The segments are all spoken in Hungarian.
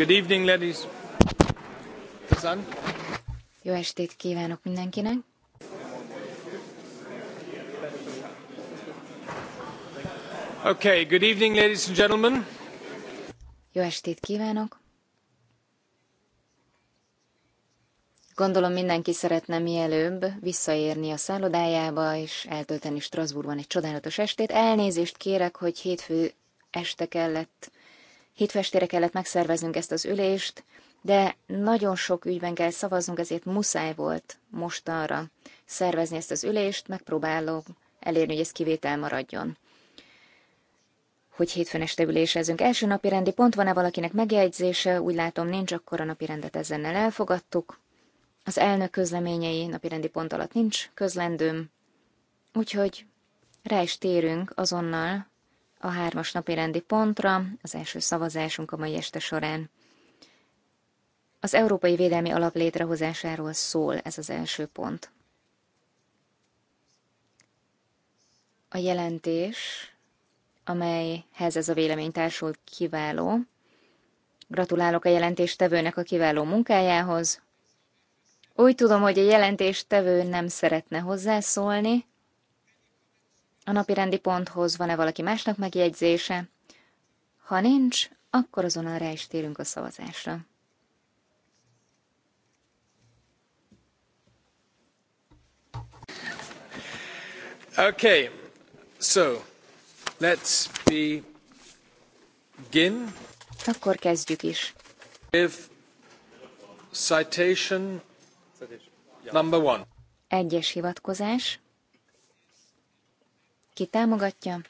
Good evening, ladies. Jó estét kívánok mindenkinek. Okay, good evening, ladies and gentlemen. Jó estét kívánok. Gondolom mindenki szeretne mielőbb visszaérni a szállodájába és eltölteni Strasbourgban egy csodálatos estét. Elnézést kérek, hogy hétfő este kellett Hétfestére kellett megszerveznünk ezt az ülést, de nagyon sok ügyben kell szavaznunk, ezért muszáj volt mostanra szervezni ezt az ülést, megpróbálom elérni, hogy ez kivétel maradjon. Hogy hétfőn este ülésezünk. Első napi rendi pont van-e valakinek megjegyzése? Úgy látom nincs, akkor a napi rendet ezennel elfogadtuk. Az elnök közleményei napi rendi pont alatt nincs közlendőm, úgyhogy rá is térünk azonnal a hármas napi rendi pontra, az első szavazásunk a mai este során. Az Európai Védelmi Alap létrehozásáról szól ez az első pont. A jelentés, amelyhez ez a vélemény társul kiváló. Gratulálok a jelentéstevőnek a kiváló munkájához. Úgy tudom, hogy a jelentéstevő nem szeretne hozzászólni, a napi rendi ponthoz van-e valaki másnak megjegyzése? Ha nincs, akkor azonnal rá is térünk a szavazásra. Okay, so let's begin. Akkor kezdjük is. If citation number one. Egyes hivatkozás. Ki támogatja?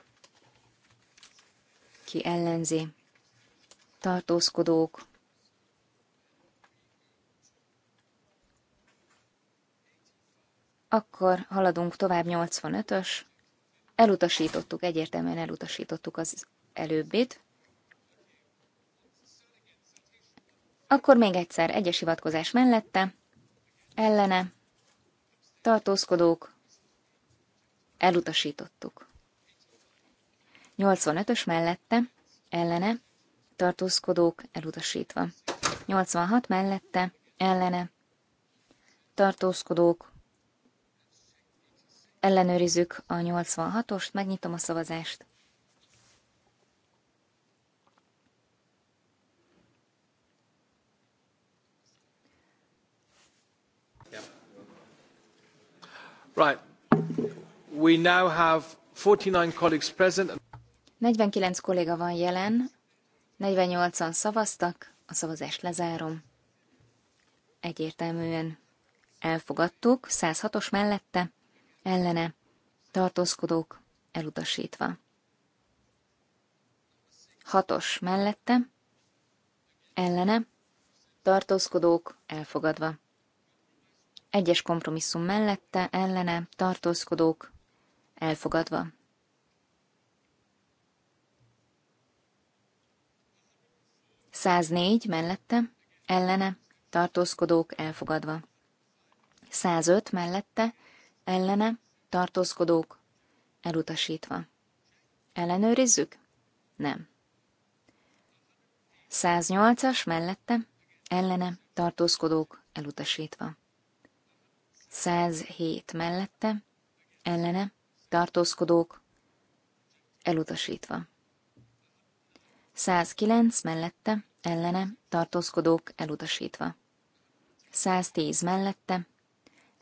Ki ellenzi? Tartózkodók. Akkor haladunk tovább 85-ös. Elutasítottuk, egyértelműen elutasítottuk az előbbit. Akkor még egyszer egyes hivatkozás mellette, ellene, tartózkodók, Elutasítottuk. 85-ös mellette, ellene, tartózkodók elutasítva. 86 mellette, ellene, tartózkodók, ellenőrizzük a 86-ost, megnyitom a szavazást. Right. 49 kolléga van jelen, 48-an szavaztak, a szavazást lezárom. Egyértelműen elfogadtuk, 106-os mellette, ellene, tartózkodók, elutasítva. 6-os mellette, ellene, tartózkodók, elfogadva. Egyes kompromisszum mellette, ellene, tartózkodók, Elfogadva. Száznégy mellette, ellene, tartózkodók elfogadva. százöt mellette, ellene, tartózkodók elutasítva. Ellenőrizzük? Nem. száznyolcas mellette, ellene, tartózkodók elutasítva. hét mellette, ellene, tartózkodók, elutasítva. 109 mellette, ellene, tartózkodók, elutasítva. 110 mellette,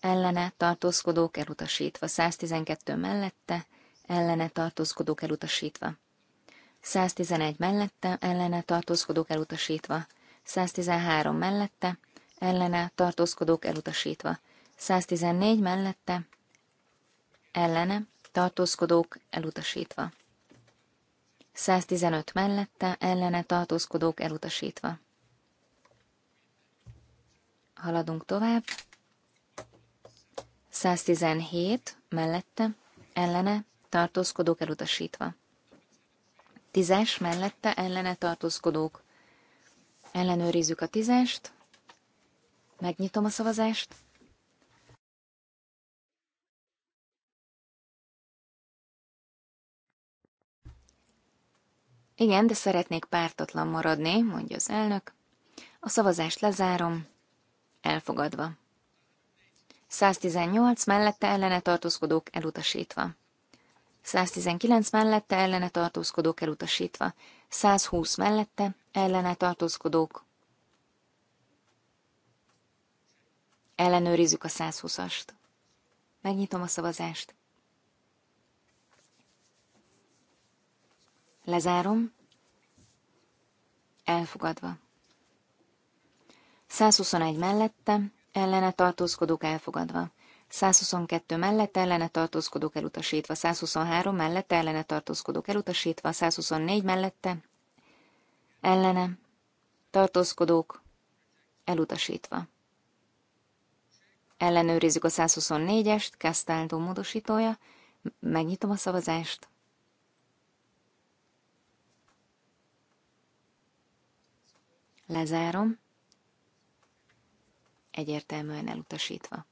ellene, tartózkodók, elutasítva. 112 mellette, ellene, tartózkodók, elutasítva. 111 mellette, ellene, tartózkodók, elutasítva. 113 mellette, ellene, tartózkodók, elutasítva. 114 mellette, ellene, tartózkodók elutasítva. 115 mellette, ellene tartózkodók elutasítva. Haladunk tovább. 117 mellette, ellene tartózkodók elutasítva. 10-es mellette, ellene tartózkodók. Ellenőrizzük a 10-est. Megnyitom a szavazást. Igen, de szeretnék pártatlan maradni, mondja az elnök. A szavazást lezárom. Elfogadva. 118 mellette ellene tartózkodók elutasítva. 119 mellette ellene tartózkodók elutasítva. 120 mellette ellene tartózkodók. Ellenőrizzük a 120-ast. Megnyitom a szavazást. Lezárom. Elfogadva. 121 mellette, ellene tartózkodók elfogadva. 122 mellett ellene tartózkodók elutasítva, 123 mellett ellene tartózkodók elutasítva, 124 mellette ellene tartózkodók elutasítva. Ellenőrizzük a 124-est, Castaldo módosítója, megnyitom a szavazást. Lezárom. Egyértelműen elutasítva.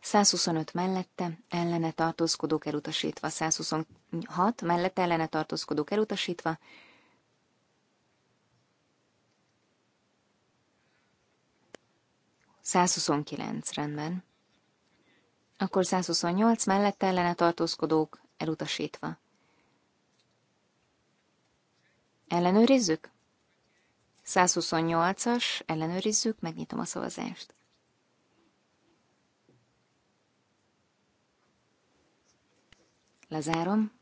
125 mellette, ellene tartózkodók elutasítva, 126 mellette, ellene tartózkodók elutasítva, kilenc rendben. Akkor 128 mellette ellene tartózkodók elutasítva. Ellenőrizzük? 108-as ellenőrizzük, megnyitom a szavazást. Lezárom.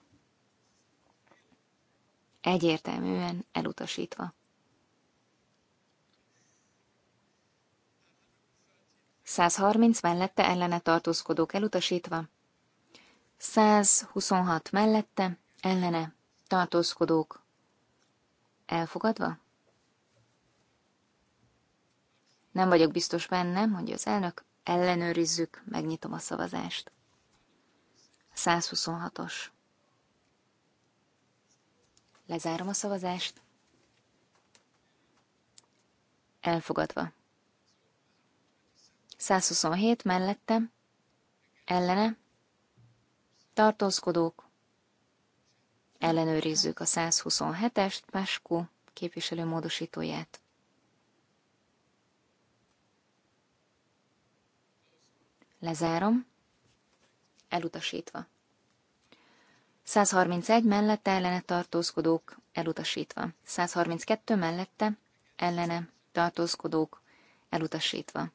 Egyértelműen elutasítva. 130 mellette ellene tartózkodók elutasítva, 126 mellette ellene tartózkodók elfogadva, Nem vagyok biztos benne, mondja az elnök, ellenőrizzük, megnyitom a szavazást. 126-os. Lezárom a szavazást. Elfogadva. 127 mellettem, ellene, tartózkodók, ellenőrizzük a 127-est, Páskó képviselő módosítóját. Lezárom. Elutasítva. 131 mellette ellene tartózkodók elutasítva. 132 mellette ellene tartózkodók elutasítva.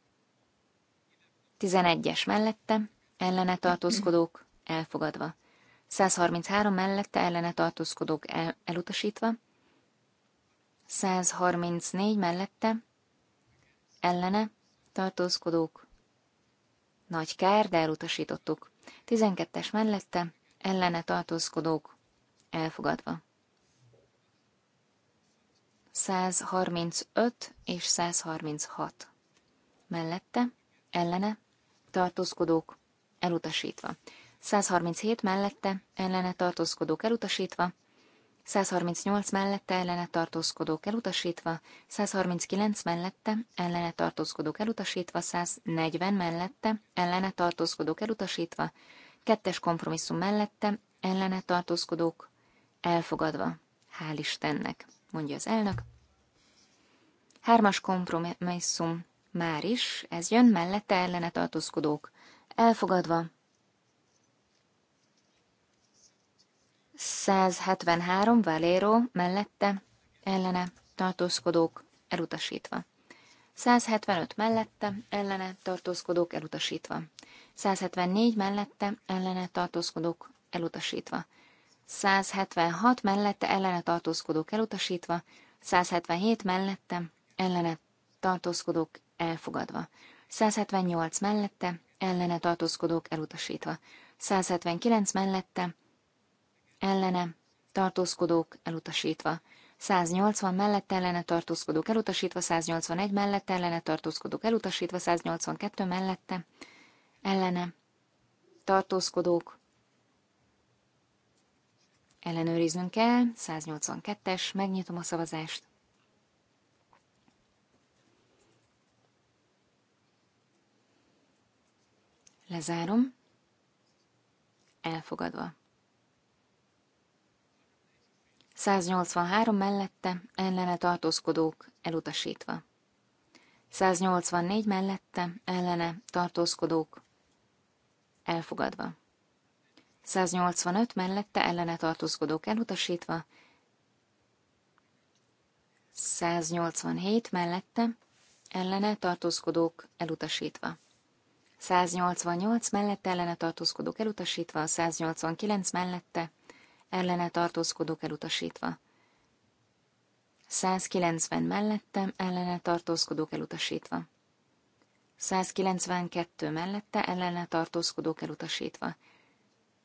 11-es mellette ellene tartózkodók elfogadva. 133 mellette ellene tartózkodók el, elutasítva. 134 mellette ellene tartózkodók nagy kár, de elutasítottuk. Tizenkettes mellette, ellene tartózkodók, elfogadva. 135 és 136. Mellette, ellene, tartózkodók, elutasítva. 137 mellette, ellene tartózkodók elutasítva, 138 mellette ellene tartózkodók elutasítva, 139 mellette ellene tartózkodók elutasítva, 140 mellette ellene tartózkodók elutasítva, kettes kompromisszum mellette ellene tartózkodók elfogadva. Hál' Istennek, mondja az elnök. Hármas kompromisszum már is, ez jön mellette ellene tartózkodók elfogadva, 173 Valero mellette, ellene tartózkodók elutasítva. 175 mellette, ellene tartózkodók elutasítva. 174 mellette, ellene tartózkodók elutasítva. 176 mellette, ellene tartózkodók elutasítva. 177 mellette, ellene tartózkodók elfogadva. 178 mellette, ellene tartózkodók elutasítva. 179 mellette, ellene tartózkodók elutasítva. 180 mellett ellene tartózkodók elutasítva, 181 mellett ellene tartózkodók elutasítva, 182 mellette ellene tartózkodók ellenőriznünk kell, 182-es, megnyitom a szavazást. Lezárom. Elfogadva. 183 mellette, ellene tartózkodók elutasítva. 184 mellette, ellene tartózkodók elfogadva. 185 mellette, ellene tartózkodók elutasítva. 187 mellette, ellene tartózkodók elutasítva. 188 mellette ellene tartózkodók elutasítva, 189 mellette ellene tartózkodók elutasítva. 190 mellettem, ellene tartózkodók elutasítva. 192 mellette, ellene tartózkodók elutasítva.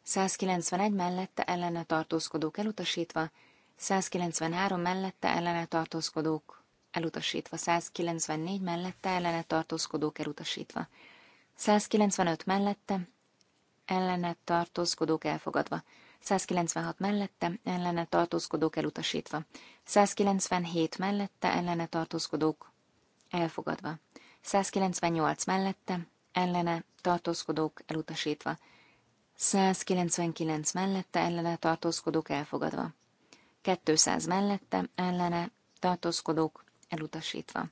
191 mellette, ellene tartózkodók elutasítva. 193 mellette, ellene tartózkodók elutasítva. 194 mellette, ellene tartózkodók elutasítva. 195 mellette, ellene tartózkodók elfogadva. 196 mellette, ellene tartózkodók elutasítva. 197 mellette, ellene tartózkodók elfogadva. 198 mellette, ellene tartózkodók elutasítva. 199 mellette, ellene tartózkodók elfogadva. 200 mellette, ellene tartózkodók elutasítva.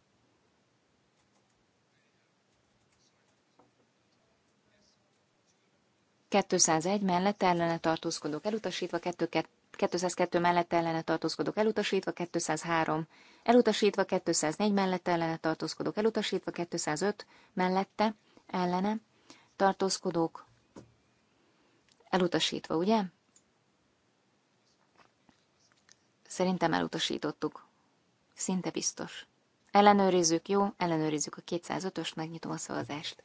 201 mellett ellene tartózkodók elutasítva, 202 mellett ellene tartózkodók elutasítva, 203 elutasítva, 204 mellett ellene tartózkodók elutasítva, 205 mellette ellene tartózkodók elutasítva, ugye? Szerintem elutasítottuk. Szinte biztos. Ellenőrizzük, jó? Ellenőrizzük a 205-öst, megnyitom a szavazást.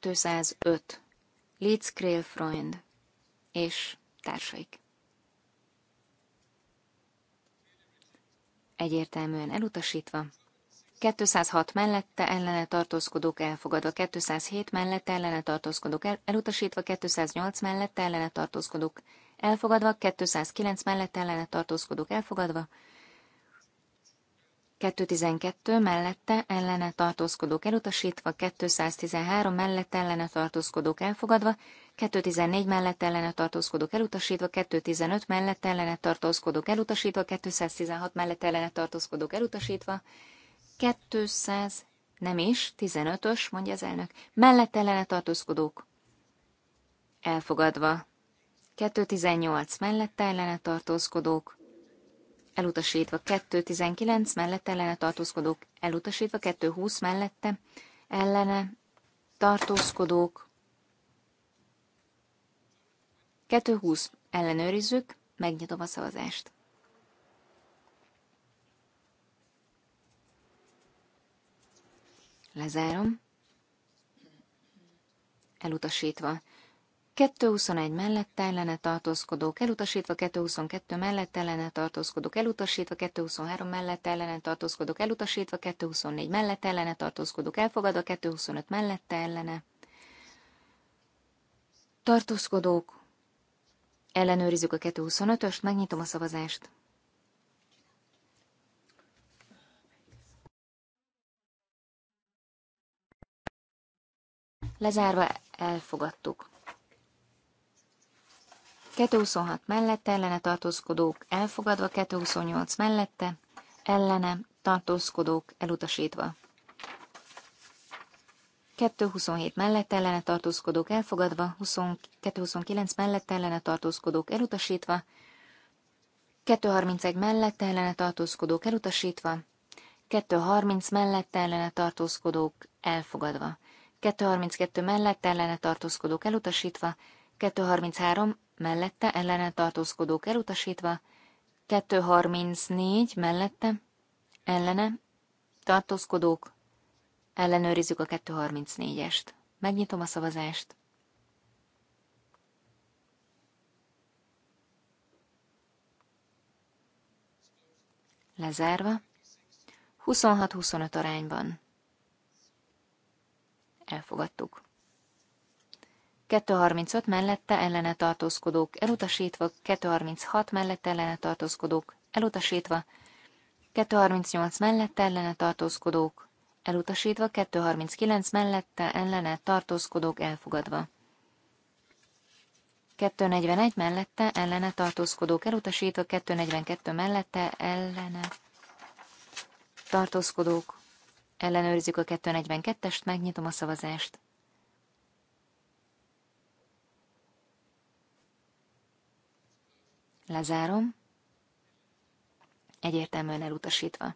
205 Litz Krill Freund és társaik. Egyértelműen elutasítva. 206 mellette ellene tartózkodók elfogadva, 207 mellette ellene tartózkodók el, elutasítva, 208 mellette ellene tartózkodók elfogadva, 209 mellette ellene tartózkodók elfogadva, 212 mellette ellene tartózkodók elutasítva, 213 mellette ellene tartózkodók elfogadva, 214 mellett ellene tartózkodók elutasítva, 215 mellett ellene tartózkodók elutasítva, 216 mellett ellene tartózkodók elutasítva, 200 nem is, 15-ös, mondja az elnök, mellett ellene tartózkodók elfogadva, 218 mellett ellene tartózkodók elutasítva 2.19 mellette ellene tartózkodók, elutasítva 2.20 mellette ellene tartózkodók, 2.20 ellenőrizzük, megnyitom a szavazást. Lezárom. Elutasítva. 221 mellett ellene tartózkodók elutasítva, 222 mellett ellene tartózkodók elutasítva, 223 mellett ellene tartózkodók elutasítva, 224 mellett ellene tartózkodók elfogadva, 225 mellett ellene tartózkodók. Ellenőrizzük a 225-öst, megnyitom a szavazást. Lezárva elfogadtuk. 226 mellette, ellene tartózkodók elfogadva, 228 mellette, ellene tartózkodók elutasítva. 227 mellett ellene tartózkodók elfogadva, 229 mellett ellene tartózkodók elutasítva, 231 mellett ellene tartózkodók elutasítva, 230 mellett ellene tartózkodók elfogadva, 232 mellett ellene tartózkodók elutasítva, 233 mellette ellene tartózkodók elutasítva, 234 mellette ellene tartózkodók, ellenőrizzük a 234-est. Megnyitom a szavazást. Lezárva. 26-25 arányban. Elfogadtuk. 235 mellette ellene tartózkodók elutasítva, 236 mellette ellene tartózkodók elutasítva, 238 mellette ellene tartózkodók elutasítva, 239 mellette ellene tartózkodók elfogadva. 241 mellette ellene tartózkodók elutasítva, 242 mellette ellene tartózkodók. Ellenőrizzük a 242-est, megnyitom a szavazást. Lezárom. Egyértelműen elutasítva.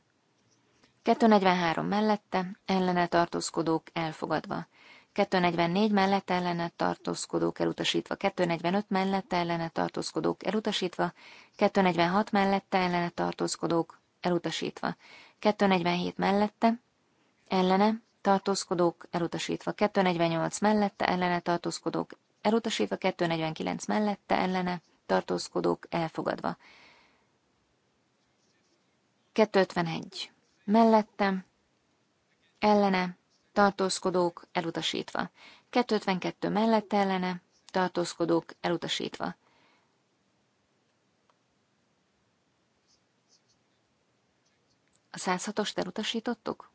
243 mellette, ellene tartózkodók elfogadva. 244 mellett ellene tartózkodók elutasítva, 245 mellett ellene tartózkodók elutasítva, 246 mellette ellene tartózkodók elutasítva, 247 mellette ellene tartózkodók elutasítva, 248 mellette ellene tartózkodók elutasítva, 249 mellette ellene tartózkodók elfogadva. 251. Mellettem, ellene, tartózkodók elutasítva. 252 mellette ellene, tartózkodók elutasítva. A 106-ost elutasítottuk?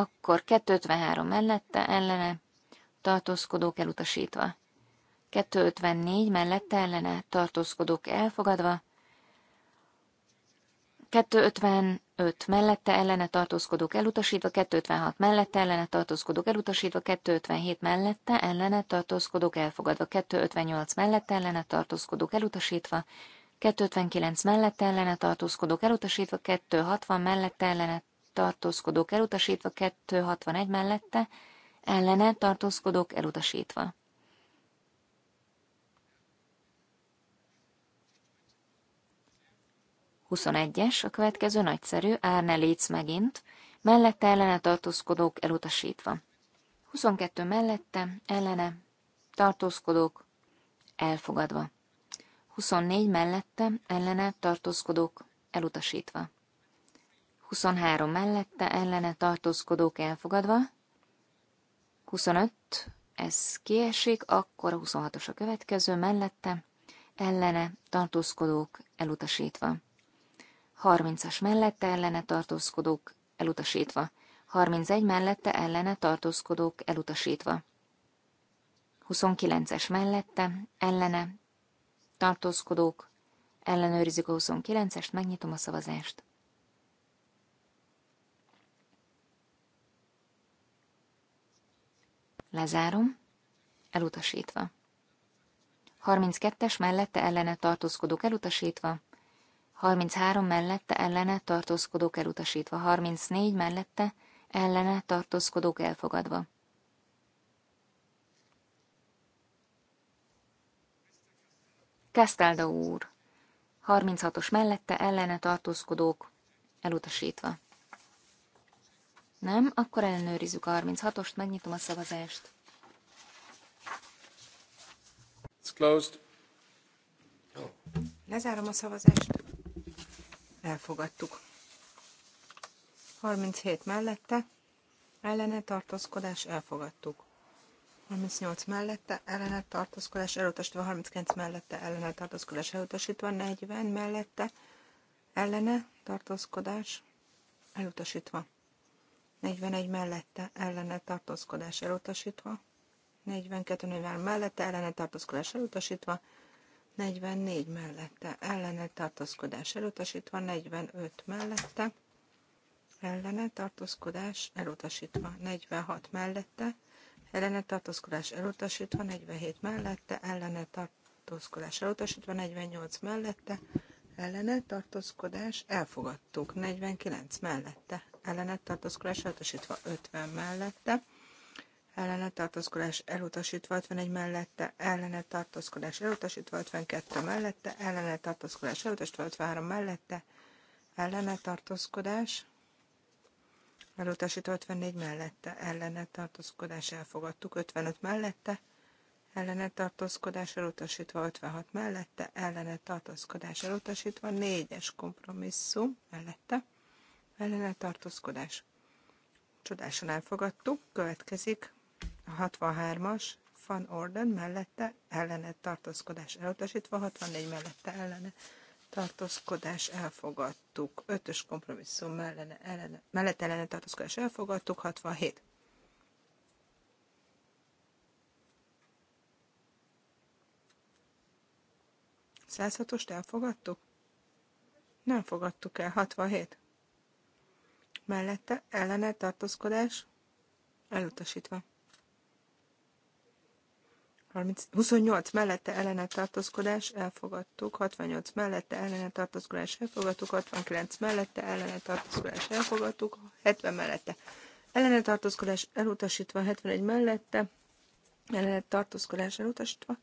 Akkor 253 mellette, ellene, tartózkodók elutasítva. 254 mellette, ellene, tartózkodók elfogadva. 255 mellette ellene tartózkodók elutasítva, 256 mellette ellene tartózkodók elutasítva, 257 mellette ellene tartózkodók elfogadva, 258 mellette ellene tartózkodók elutasítva, 259 mellette ellene tartózkodók elutasítva, 260 mellette ellene tartózkodók elutasítva, 261 mellette, ellene tartózkodók elutasítva. Huszonegyes, a következő nagyszerű, Árne létsz megint, mellette ellene tartózkodók elutasítva. 22 mellette, ellene, tartózkodók, elfogadva. 24 mellette, ellene, tartózkodók, elutasítva. 23 mellette ellene tartózkodók elfogadva, 25, ez kiesik, akkor a 26-os a következő mellette, ellene tartózkodók elutasítva. 30-as mellette ellene tartózkodók elutasítva. 31 mellette ellene tartózkodók elutasítva. 29-es mellette ellene tartózkodók ellenőrizik a 29-est, megnyitom a szavazást. Lezárom. Elutasítva. 32-es mellette ellene tartózkodók elutasítva. 33 mellette ellene tartózkodók elutasítva. 34 mellette ellene tartózkodók elfogadva. Castaldo úr. 36-os mellette ellene tartózkodók elutasítva. Nem? Akkor ellenőrizzük a 36-ost, megnyitom a szavazást. It's closed. Lezárom a szavazást. Elfogadtuk. 37 mellette, ellene tartózkodás, elfogadtuk. 38 mellette, ellene tartózkodás, elutasítva 39 mellette, ellene tartózkodás, elutasítva 40 mellette, ellene tartózkodás, elutasítva 41 mellette ellene tartózkodás elutasítva, 42 nővel mellette ellene tartózkodás elutasítva, 44 mellette ellene tartózkodás elutasítva, 45 mellette ellene tartózkodás elutasítva, 46 mellette ellene tartózkodás elutasítva, 47 mellette ellene tartózkodás elutasítva, 48 mellette ellene tartózkodás elfogadtuk, 49 mellette ellenet tartózkodás elutasítva 50 mellette, ellenet tartózkodás elutasítva 51 mellette, ellenet tartózkodás elutasítva 52 mellette, ellenet tartózkodás elutasítva 53 mellette, ellenet tartózkodás elutasítva 54 mellette, ellenet tartózkodás elfogadtuk 55 mellette, ellenet tartózkodás elutasítva 56 mellette, ellenet tartózkodás elutasítva 4-es kompromisszum mellette, ellene tartózkodás. Csodásan elfogadtuk, következik a 63-as, Van Orden mellette ellene tartózkodás elutasítva, 64 mellette ellene tartózkodás elfogadtuk, 5-ös kompromisszum mellene, ellene, mellette ellene tartózkodás elfogadtuk, 67. Százhatost elfogadtuk? Nem fogadtuk el, 67 mellette ellene tartózkodás elutasítva. 30, 28 mellette ellene tartózkodás elfogadtuk, 68 mellette ellene tartózkodás elfogadtuk, 69 mellette ellene tartózkodás elfogadtuk, 70 mellette ellene tartózkodás elutasítva, 71 mellette ellene tartózkodás elutasítva,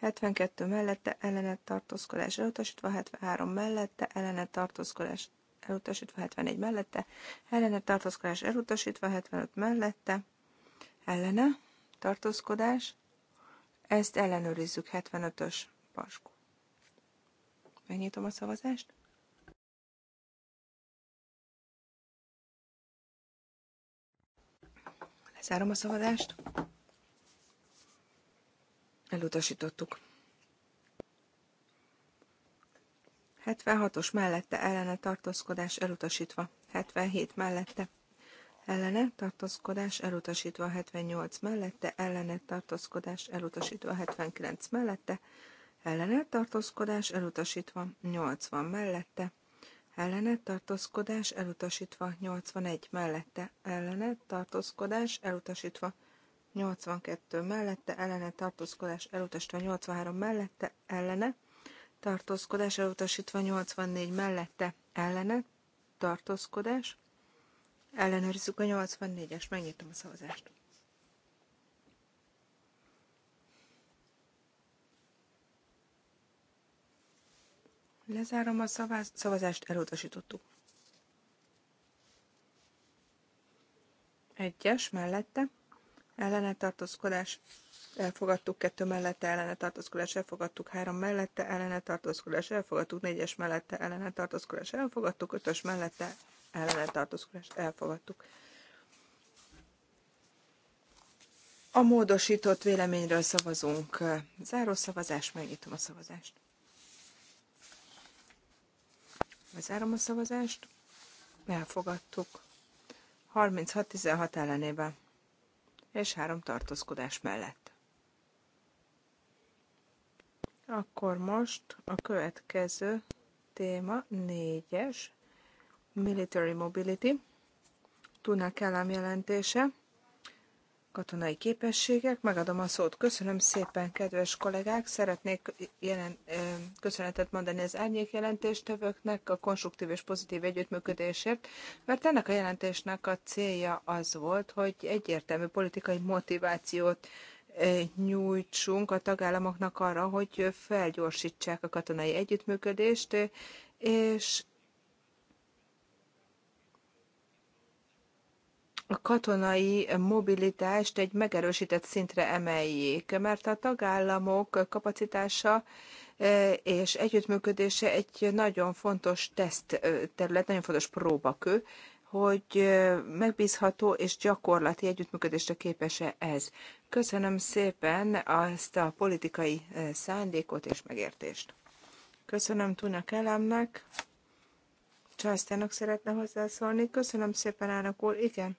72 mellette ellene tartózkodás elutasítva, 73 mellette ellene tartózkodás elutasítva 71 mellette, ellene tartózkodás elutasítva 75 mellette, ellene tartózkodás, ezt ellenőrizzük 75-ös paskó. Megnyitom a szavazást. Lezárom a szavazást. Elutasítottuk. 76-os mellette ellene tartózkodás elutasítva. 77 mellette ellene tartózkodás elutasítva. 78 mellette ellene tartózkodás elutasítva. 79 mellette ellene tartózkodás elutasítva. 80 mellette ellene tartózkodás elutasítva. 81 mellette ellene tartózkodás elutasítva. 82 mellette ellene tartózkodás elutasítva. 83 mellette ellene tartózkodás elutasítva 84 mellette ellene tartózkodás. Ellenőrizzük a 84-es, megnyitom a szavazást. Lezárom a szavaz- szavazást, elutasítottuk. Egyes mellette ellene tartózkodás elfogadtuk, kettő mellette ellene tartózkodás, elfogadtuk, három mellette ellene tartózkodás, elfogadtuk, négyes mellette ellene tartózkodás, elfogadtuk, ötös mellette ellene tartózkodás, elfogadtuk. A módosított véleményről szavazunk. Záró szavazás, megnyitom a szavazást. Bezárom a szavazást. Elfogadtuk. 36-16 ellenében és három tartózkodás mellett. Akkor most a következő téma, négyes, Military Mobility, Tuna Kellám jelentése, katonai képességek. Megadom a szót. Köszönöm szépen, kedves kollégák! Szeretnék jelen, köszönetet mondani az árnyék jelentéstevőknek a konstruktív és pozitív együttműködésért, mert ennek a jelentésnek a célja az volt, hogy egyértelmű politikai motivációt nyújtsunk a tagállamoknak arra, hogy felgyorsítsák a katonai együttműködést, és a katonai mobilitást egy megerősített szintre emeljék, mert a tagállamok kapacitása és együttműködése egy nagyon fontos teszt terület, nagyon fontos próbakő, hogy megbízható és gyakorlati együttműködésre képes-e ez. Köszönöm szépen azt a politikai szándékot és megértést. Köszönöm Tuna Kelemnek. Császtának szeretne hozzászólni. Köszönöm szépen, elnök úr. Igen.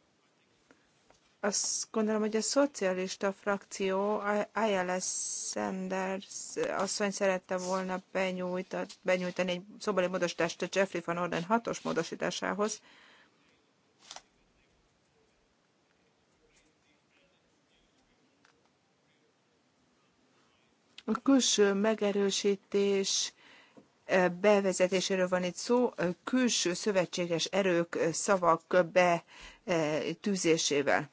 Azt gondolom, hogy a szocialista frakció Ayala Sanders asszony szerette volna benyújtani egy szobali módosítást a Jeffrey van Orden hatos módosításához. A külső megerősítés eh, bevezetéséről van itt szó, eh, külső szövetséges erők eh, szavak betűzésével.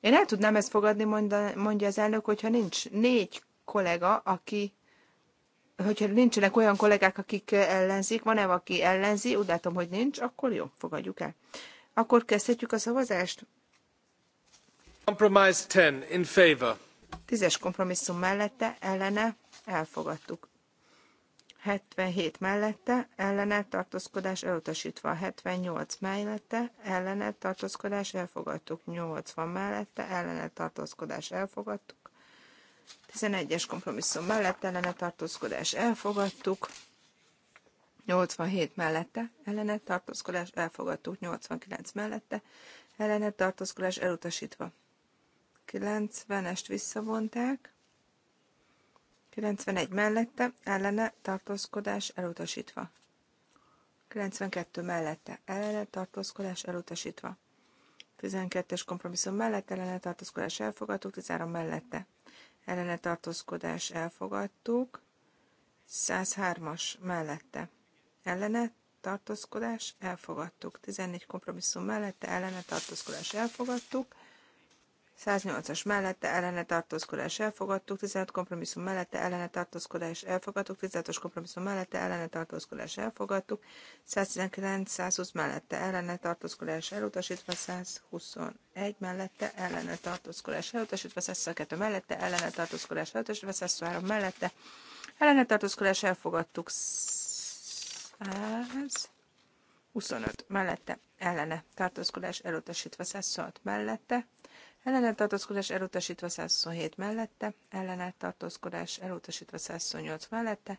Én el tudnám ezt fogadni, mondja az elnök, hogyha nincs négy kollega, aki hogyha nincsenek olyan kollégák, akik ellenzik, van-e aki ellenzi, úgy látom, hogy nincs, akkor jó, fogadjuk el. Akkor kezdhetjük a szavazást. Compromise 10 in favor. Tízes kompromisszum mellette ellene elfogadtuk. 77 mellette ellene tartózkodás elutasítva, 78 mellette ellene tartózkodás elfogadtuk, 80 mellette ellene tartózkodás elfogadtuk, 11-es kompromisszum mellette ellene tartózkodás elfogadtuk, 87 mellette ellene tartózkodás elfogadtuk, 89 mellette ellene tartózkodás elutasítva. 90-est visszavonták, 91 mellette, ellene tartózkodás elutasítva. 92 mellette, ellene tartózkodás elutasítva. 12-es kompromisszum mellett ellene tartózkodás elfogadtuk, 13 mellette ellene tartózkodás elfogadtuk, 103-as mellette ellene tartózkodás elfogadtuk, 14 kompromisszum mellette ellene tartózkodás elfogadtuk, 108-as mellette ellene tartózkodás elfogadtuk, 15 kompromisszum mellette ellene tartózkodás elfogadtuk, 16-os kompromisszum mellette ellene tartózkodás elfogadtuk, 119-120 mellette ellene tartózkodás elutasítva, 121 mellette ellene tartózkodás elutasítva, 122 mellette ellene tartózkodás elutasítva, 123 mellette ellene tartózkodás elfogadtuk, 125 mellette ellene tartózkodás elutasítva, 106 mellette Ellenet tartózkodás elutasítva 127 mellette, ellenet tartózkodás elutasítva 128 mellette,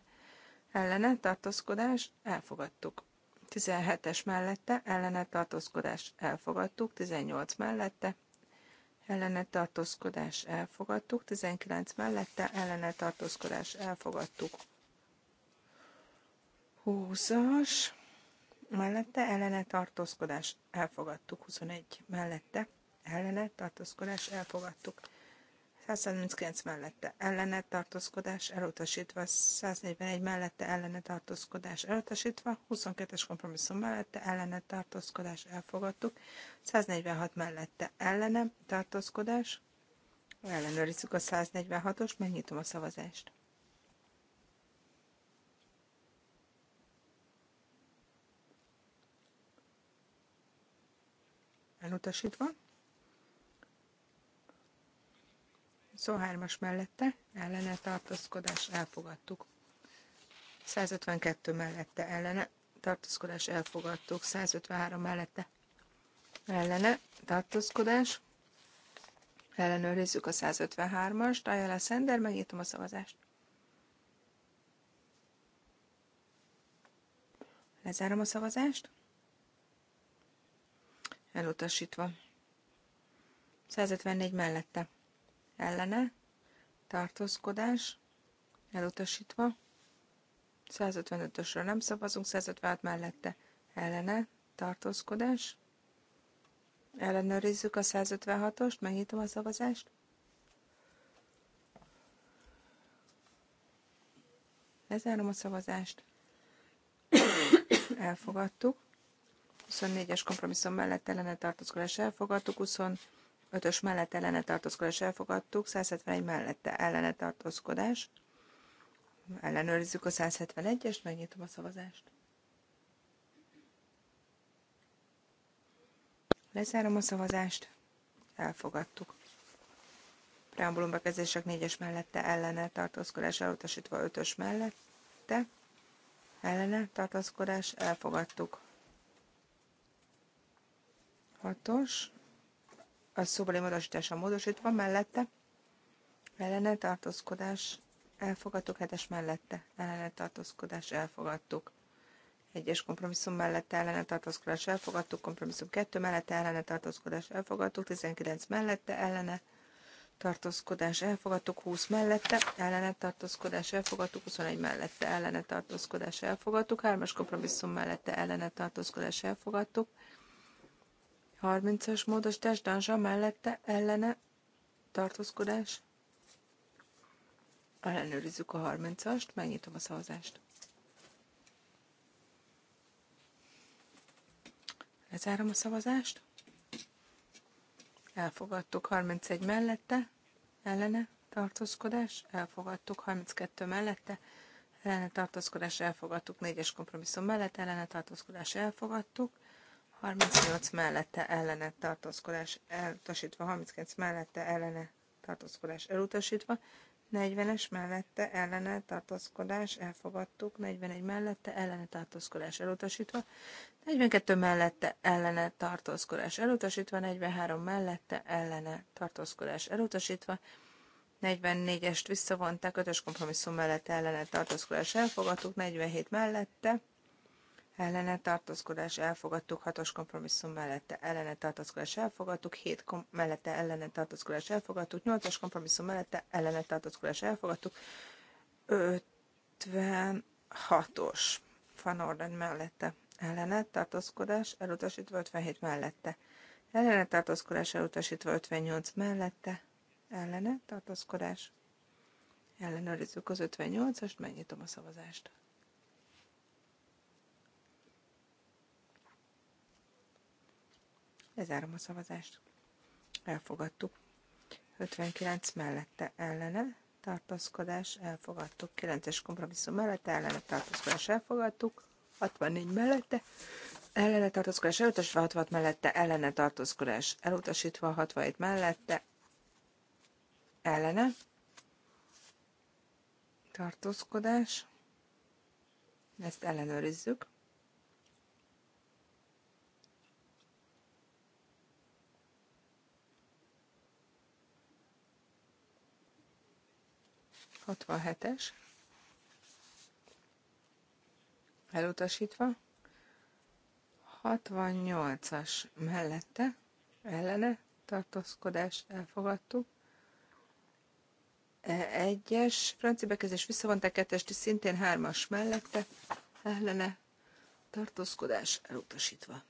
ellenet tartózkodás elfogadtuk. 17-es mellette ellenet tartózkodás elfogadtuk, 18 mellette ellenet tartózkodás elfogadtuk, 19 mellette ellenet tartózkodás elfogadtuk. 20-as mellette ellenet tartózkodás elfogadtuk, 21 mellette ellene tartózkodás elfogadtuk. 139 mellette ellene tartózkodás elutasítva, 141 mellette ellene tartózkodás elutasítva, 22-es kompromisszum mellette ellene tartózkodás elfogadtuk, 146 mellette ellene tartózkodás, ellenőrizzük a 146-os, megnyitom a szavazást. Elutasítva. 23-as mellette ellene tartózkodás elfogadtuk. 152 mellette ellene tartózkodás elfogadtuk. 153 mellette ellene tartózkodás. Ellenőrizzük a 153-as. Tajala Szender, megnyitom a szavazást. Lezárom a szavazást. Elutasítva. 154 mellette ellene, tartózkodás, elutasítva. 155-ösről nem szavazunk, 156 mellette ellene, tartózkodás. Ellenőrizzük a 156-ost, megnyitom a szavazást. Lezárom a szavazást. Elfogadtuk. 24-es kompromisszum mellett ellene tartózkodás elfogadtuk, 20 5-ös mellett ellene tartózkodás elfogadtuk, 171 mellette ellene tartózkodás. Ellenőrizzük a 171-est, megnyitom a szavazást. Lezárom a szavazást, elfogadtuk. Preambulum bekezdések 4-es mellette ellene tartózkodás elutasítva 5-ös mellette ellene tartózkodás elfogadtuk. 6-os a szóbeli módosítása módosítva mellette, ellene tartózkodás elfogadtuk, hetes mellette, ellene tartózkodás elfogadtuk. Egyes kompromisszum mellett ellene tartózkodás elfogadtuk, kompromisszum 2 mellett ellene tartózkodás elfogadtuk, 19 mellette ellene tartózkodás elfogadtuk, 20 mellette ellene tartózkodás elfogadtuk, 21 mellette ellene tartózkodás elfogadtuk, 3-as kompromisszum mellette ellene tartózkodás elfogadtuk, 30-as módosítás, Danzsa mellette ellene tartózkodás. Ellenőrizzük a 30-ast, megnyitom a szavazást. Lezárom a szavazást. Elfogadtuk 31 mellette, ellene tartózkodás, elfogadtuk 32 mellette, ellene tartózkodás, elfogadtuk 4-es kompromisszum mellett, ellene tartózkodás, elfogadtuk 38 mellette ellene tartózkodás elutasítva, 39 mellette ellene tartózkodás elutasítva, 40-es mellette ellene tartózkodás elfogadtuk, 41 mellette ellene tartózkodás elutasítva, 42 mellette ellene tartózkodás elutasítva, 43 mellette ellene tartózkodás elutasítva, 44-est visszavonták, 5-ös kompromisszum mellette ellene tartózkodás elfogadtuk, 47 mellette ellene tartózkodás elfogadtuk, hatos kompromisszum mellette ellene tartózkodás elfogadtuk, hét kom- mellette ellene tartózkodás elfogadtuk, nyolcas kompromisszum mellette ellene tartózkodás elfogadtuk, 56-os fanorden mellette ellene tartózkodás elutasítva 57 mellette, ellene tartózkodás elutasítva 58 mellette, ellene tartózkodás ellenőrizzük az 58-ast, megnyitom a szavazást. Lezárom a szavazást. Elfogadtuk. 59 mellette ellene tartózkodás elfogadtuk. 9-es kompromisszum mellette ellene tartózkodás elfogadtuk. 64 mellette ellene tartózkodás elutasítva, 66 mellette ellene tartózkodás elutasítva, 67 mellette ellene tartózkodás. Ezt ellenőrizzük. 67-es. Elutasítva. 68-as mellette, ellene, tartózkodás, elfogadtuk. E, egyes, francia bekezdés visszavonták, kettest, szintén hármas mellette, ellene, tartózkodás, elutasítva.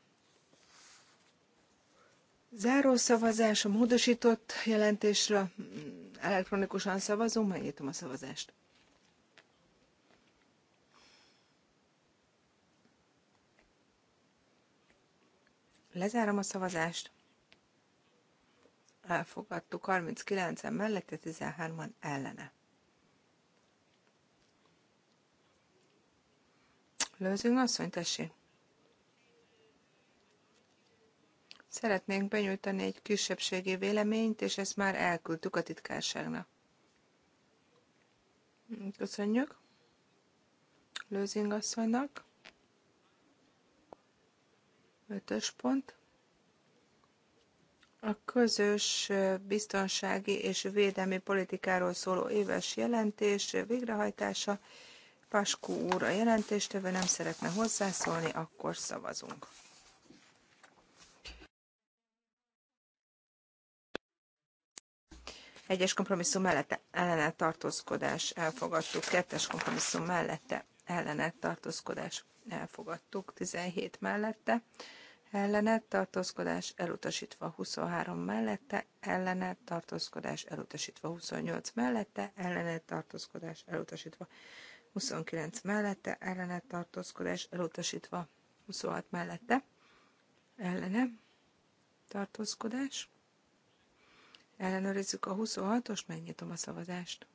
Záró szavazás a módosított jelentésre Elektronikusan szavazunk, megnyitom a szavazást. Lezárom a szavazást. Elfogadtuk 39-en mellette, 13-an ellene. Lőzünk asszony, tessék. Szeretnénk benyújtani egy kisebbségi véleményt, és ezt már elküldtük a titkárságnak. Köszönjük Lőzing asszonynak. Ötös pont. A közös biztonsági és védelmi politikáról szóló éves jelentés végrehajtása. Paskó úr a jelentéstevő nem szeretne hozzászólni, akkor szavazunk. Egyes kompromisszum mellette ellene tartózkodás elfogadtuk. Kettes kompromisszum mellette ellene tartózkodás elfogadtuk. 17 mellette ellene tartózkodás elutasítva 23 mellette, ellene tartózkodás elutasítva 28 mellette, ellene tartózkodás elutasítva 29 mellette, ellene tartózkodás elutasítva 26 mellette, ellene tartózkodás Ellenőrizzük a 26-os, megnyitom a szavazást.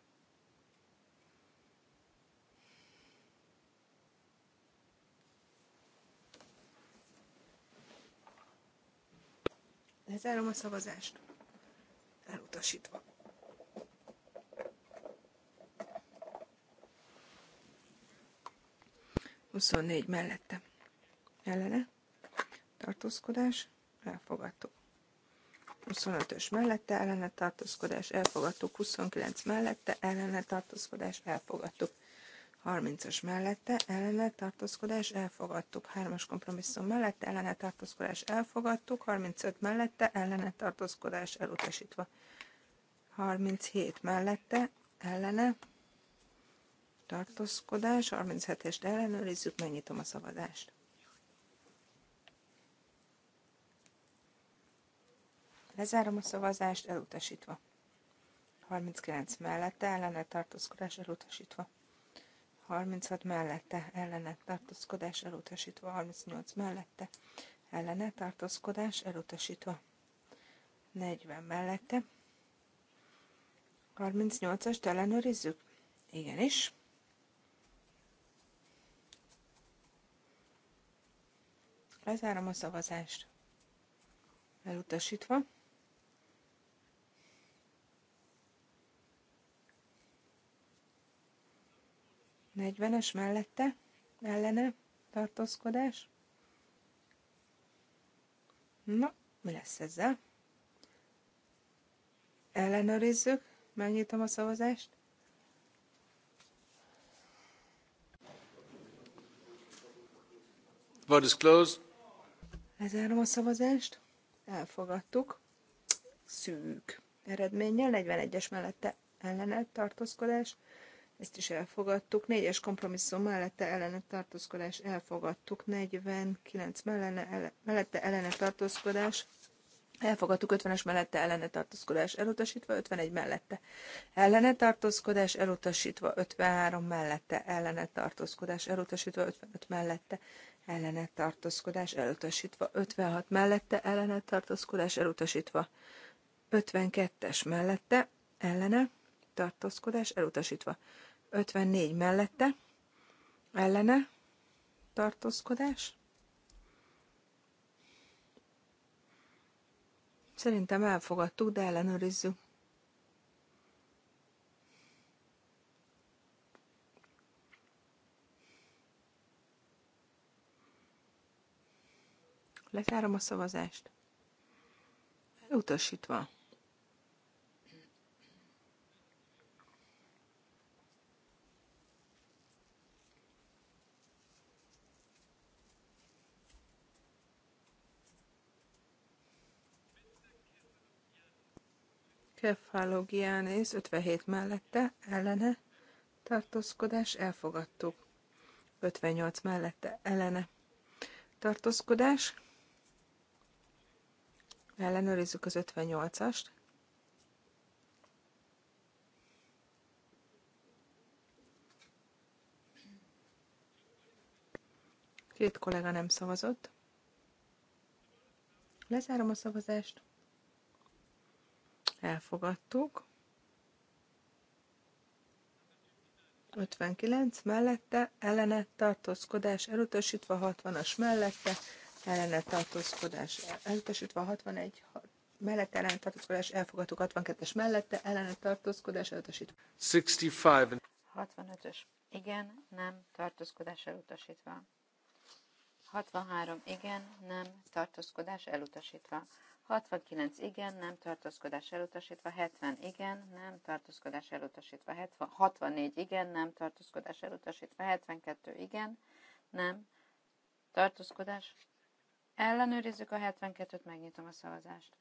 Lezárom a szavazást. Elutasítva. Huszonnégy mellette. Ellene. Tartózkodás. Elfogadtuk. 25-ös mellette ellene tartózkodás elfogadtuk, 29 mellette ellene tartózkodás elfogadtuk. 30-as mellette ellene tartózkodás elfogadtuk, 3-as kompromisszum mellette ellene tartózkodás elfogadtuk, 35 mellette ellene tartózkodás elutasítva, 37 mellette ellene tartózkodás, 37-est ellenőrizzük, megnyitom a szavazást. Lezárom a szavazást, elutasítva. 39 mellette, ellene tartózkodás elutasítva. 36 mellette, ellene tartózkodás elutasítva. 38 mellette, ellene tartózkodás elutasítva. 40 mellette. 38-ast ellenőrizzük? Igenis. Lezárom a szavazást. Elutasítva. 40-es mellette, ellene, tartózkodás. Na, mi lesz ezzel? Ellenőrizzük, megnyitom a szavazást. Vote is closed. Lezárom a szavazást. Elfogadtuk. Szűk eredménnyel 41-es mellette ellenet tartózkodás ezt is elfogadtuk. Négyes kompromisszum mellette ellene tartózkodás elfogadtuk. 49 mellene, mellette ellene tartózkodás Elfogadtuk 50-es mellette ellene tartózkodás elutasítva, 51 mellette ellene tartózkodás elutasítva, 53 mellette ellene tartózkodás elutasítva, 55 mellette ellene tartózkodás elutasítva, 56 mellette ellene tartózkodás elutasítva, 52-es mellette ellene tartózkodás elutasítva, 54 mellette, ellene, tartózkodás. Szerintem elfogadtuk, de ellenőrizzük. Lezárom a szavazást. Elutasítva. Kefalogiánész 57 mellette, ellene, tartózkodás, elfogadtuk. 58 mellette, ellene, tartózkodás, ellenőrizzük az 58-ast. Két kollega nem szavazott. Lezárom a szavazást elfogadtuk. 59 mellette, ellene tartózkodás elutasítva, 60-as mellette, ellene tartózkodás elutasítva, 61 mellette ellene tartózkodás elfogadtuk, 62-es mellette ellene tartózkodás elutasítva. 65. 65-ös. Igen, nem, tartózkodás elutasítva. 63. Igen, nem, tartózkodás elutasítva. 69 igen, nem tartózkodás elutasítva, 70 igen, nem tartózkodás elutasítva, 70, 64 igen, nem tartózkodás elutasítva, 72 igen, nem tartózkodás. Ellenőrizzük a 72-t, megnyitom a szavazást.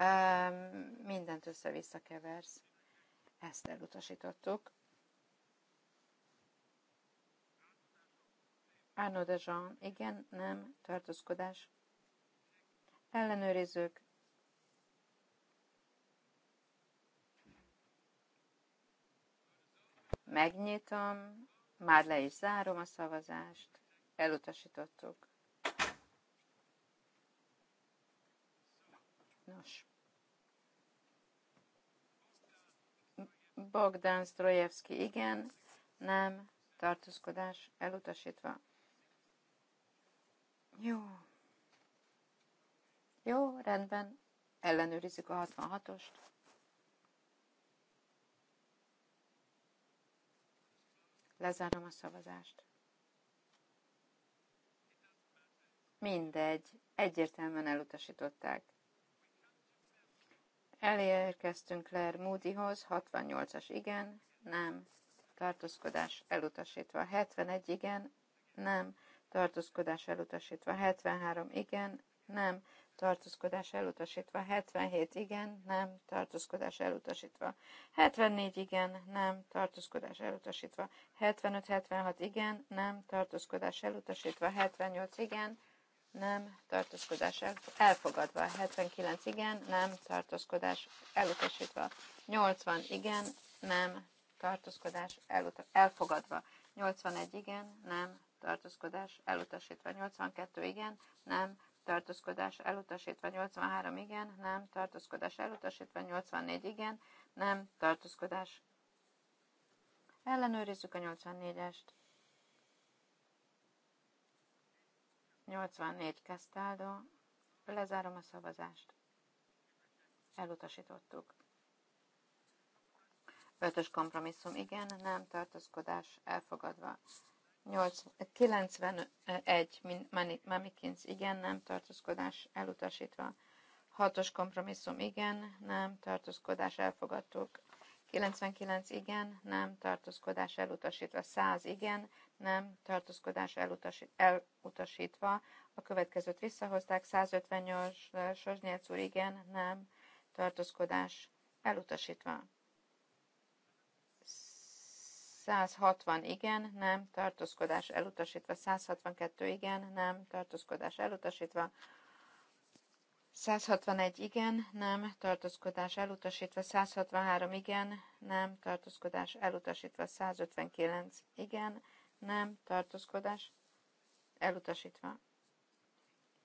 Um, mindent össze-vissza keversz. Ezt elutasítottuk. Arnaud de Jean, igen, nem, tartózkodás. Ellenőrizők. Megnyitom, már le is zárom a szavazást. Elutasítottuk. Nos. Bogdan Strojevski, igen, nem, tartózkodás elutasítva. Jó. Jó, rendben. Ellenőrizzük a 66-ost. Lezárom a szavazást. Mindegy, egyértelműen elutasították. Elérkeztünk Claire Moodyhoz, 68-as igen, nem, tartózkodás elutasítva, 71 igen, nem, tartózkodás elutasítva 73, igen, nem, tartózkodás elutasítva 77, igen, nem, tartózkodás elutasítva 74, igen, nem, tartózkodás elutasítva 75-76, igen, nem, tartózkodás elutasítva 78, igen, nem, tartózkodás elfogadva 79, igen, nem, tartózkodás elutasítva 80, igen, nem, tartózkodás elfogadva 81, igen, nem, tartózkodás elutasítva 82 igen, nem, tartózkodás elutasítva 83 igen, nem, tartózkodás elutasítva 84 igen, nem, tartózkodás. Ellenőrizzük a 84-est. 84 Castaldo, lezárom a szavazást. Elutasítottuk. Ötös kompromisszum igen, nem tartózkodás elfogadva. 8, 91 Mamikins igen, nem tartózkodás elutasítva. 6-os kompromisszum igen, nem tartózkodás elfogadtuk. 99 igen, nem tartózkodás elutasítva. 100 igen, nem tartózkodás elutasít, elutasítva. A következőt visszahozták. 158 Sosnyelc úr igen, nem tartózkodás elutasítva. 160 igen, nem, tartózkodás elutasítva, 162 igen, nem, tartózkodás elutasítva, 161 igen, nem, tartózkodás elutasítva, 163 igen, nem, tartózkodás elutasítva, 159 igen, nem, tartózkodás elutasítva.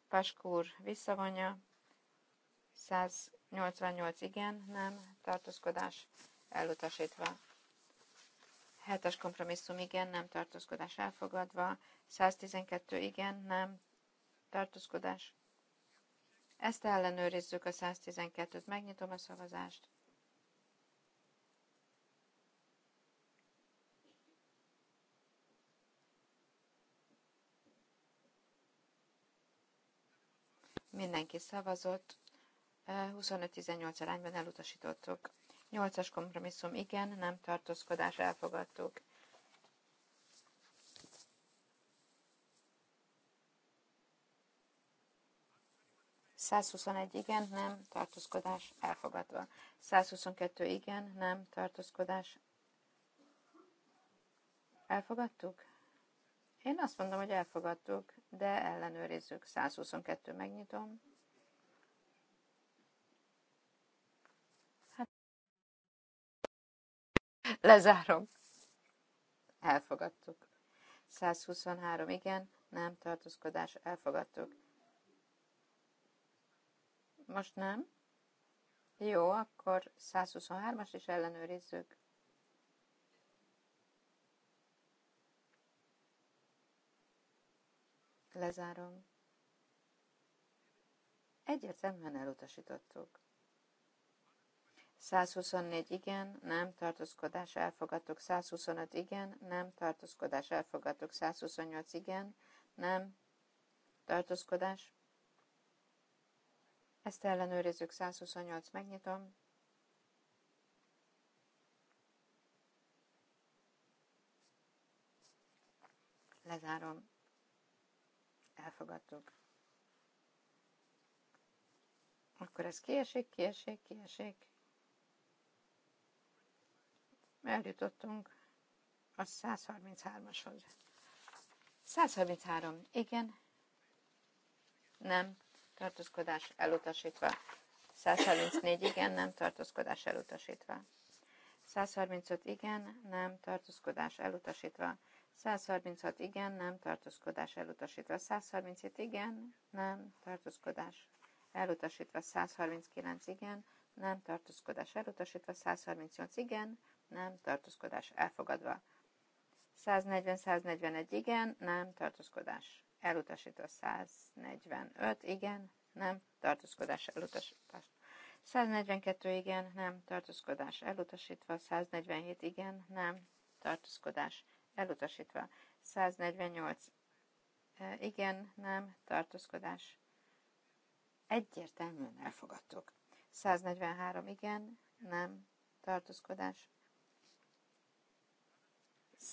Paskúr visszavonja, 188 igen, nem, tartózkodás elutasítva. 7-es kompromisszum igen, nem tartózkodás elfogadva. 112 igen, nem tartózkodás. Ezt ellenőrizzük a 112-t. Megnyitom a szavazást. Mindenki szavazott. 25-18 arányban elutasítottuk. Nyolcas kompromisszum igen, nem tartózkodás elfogadtuk. ...121 igen, nem, tartózkodás elfogadva. 122 igen, nem, tartózkodás elfogadtuk? Én azt mondom, hogy elfogadtuk, de ellenőrizzük. 122 megnyitom. Lezárom. Elfogadtuk. 123 igen, nem tartózkodás, elfogadtuk. Most nem? Jó, akkor 123-as is ellenőrizzük. Lezárom. Egyértelműen elutasítottuk. 124 igen, nem, tartózkodás elfogadtuk. 125 igen, nem, tartózkodás elfogadtuk. 128 igen, nem, tartózkodás. Ezt ellenőrizzük, 128 megnyitom. Lezárom. Elfogadtuk. Akkor ez kiesik, kiesik, kiesik eljutottunk a 133-ashoz. 133. Igen. Nem. Tartózkodás elutasítva. 134. Igen. Nem. Tartózkodás elutasítva. 135. Igen. Nem. Tartózkodás elutasítva. 136. Igen. Nem. Tartózkodás elutasítva. 137. Igen. Nem. Tartózkodás elutasítva. 139. Igen. Nem. Tartózkodás elutasítva. 138. Igen nem, tartózkodás elfogadva. 140-141 igen, nem, tartózkodás elutasítva. 145 igen, nem, tartózkodás elutasítva. 142 igen, nem, tartózkodás elutasítva. 147 igen, nem, tartózkodás elutasítva. 148 e, igen, nem, tartózkodás egyértelműen elfogadtuk. 143 igen, nem, tartózkodás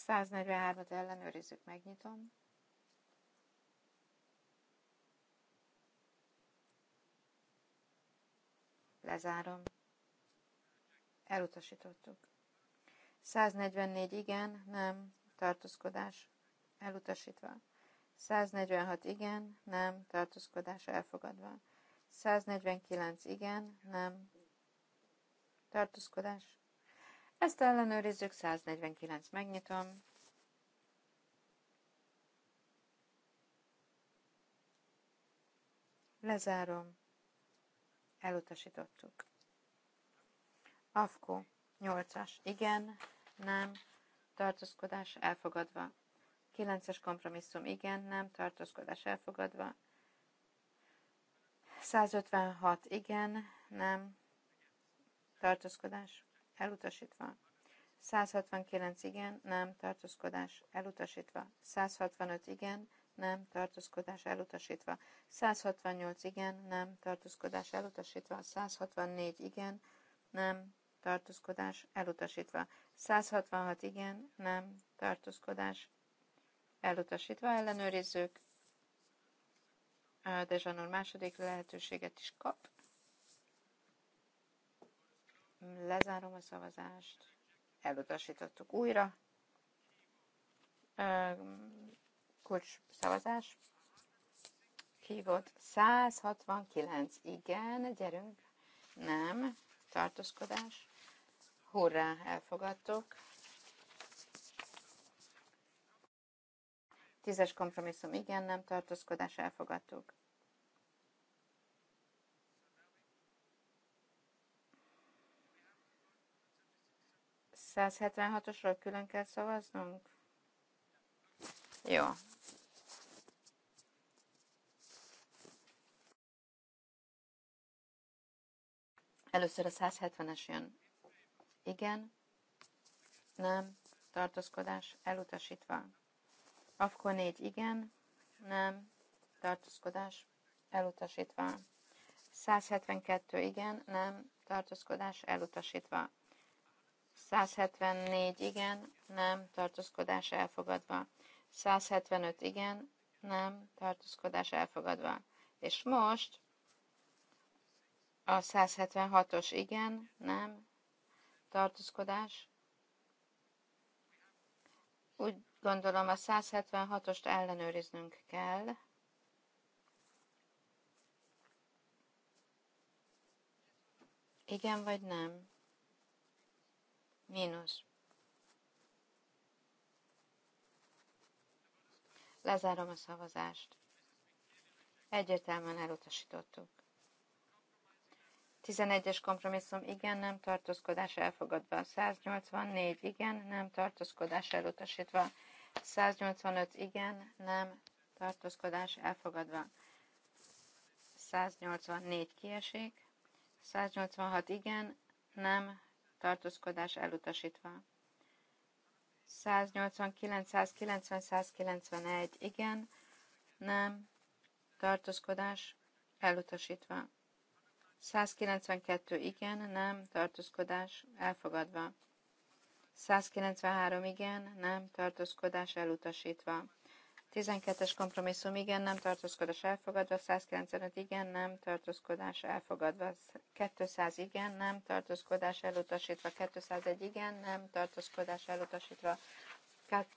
143-at ellenőrizzük, megnyitom. Lezárom. Elutasítottuk. 144 igen, nem, tartózkodás, elutasítva. 146 igen, nem, tartózkodás elfogadva. 149 igen, nem, tartózkodás ezt ellenőrizzük, 149 megnyitom. Lezárom. Elutasítottuk. Afko 8-as. Igen, nem, tartózkodás elfogadva. 9-es kompromisszum. Igen, nem, tartózkodás elfogadva. 156. Igen, nem, tartózkodás elutasítva. 169 igen, nem, tartózkodás elutasítva. 165 igen, nem, tartózkodás elutasítva. 168 igen, nem, tartózkodás elutasítva. 164 igen, nem, tartózkodás elutasítva. 166 igen, nem, tartózkodás elutasítva. Ellenőrizzük. De Zsanor második lehetőséget is kap. Lezárom a szavazást. Elutasítottuk újra. Kulcs szavazás. Hívott 169. Igen, gyerünk. Nem. Tartózkodás. Hurrá, elfogadtuk. Tízes kompromisszum, igen, nem tartózkodás, elfogadtuk. 176-osról külön kell szavaznunk? Jó. Először a 170-es jön. Igen. Nem. Tartózkodás elutasítva. Afko 4. Igen. Nem. Tartózkodás elutasítva. 172. Igen. Nem. Tartózkodás elutasítva. 174 igen, nem, tartózkodás elfogadva. 175 igen, nem, tartózkodás elfogadva. És most a 176-os igen, nem, tartózkodás. Úgy gondolom a 176-ost ellenőriznünk kell. Igen vagy nem? mínusz. Lezárom a szavazást. Egyértelműen elutasítottuk. 11-es kompromisszum igen, nem tartózkodás elfogadva. 184 igen, nem tartózkodás elutasítva. 185 igen, nem tartózkodás elfogadva. 184 kiesik. 186 igen, nem tartózkodás elutasítva. 189, 190, 191, igen, nem, tartózkodás elutasítva. 192, igen, nem, tartózkodás elfogadva. 193, igen, nem, tartózkodás elutasítva. 12-es kompromisszum igen, nem tartózkodás elfogadva, 195 igen, nem tartózkodás elfogadva, 200 igen, nem tartózkodás elutasítva, 201 igen, nem tartózkodás elutasítva,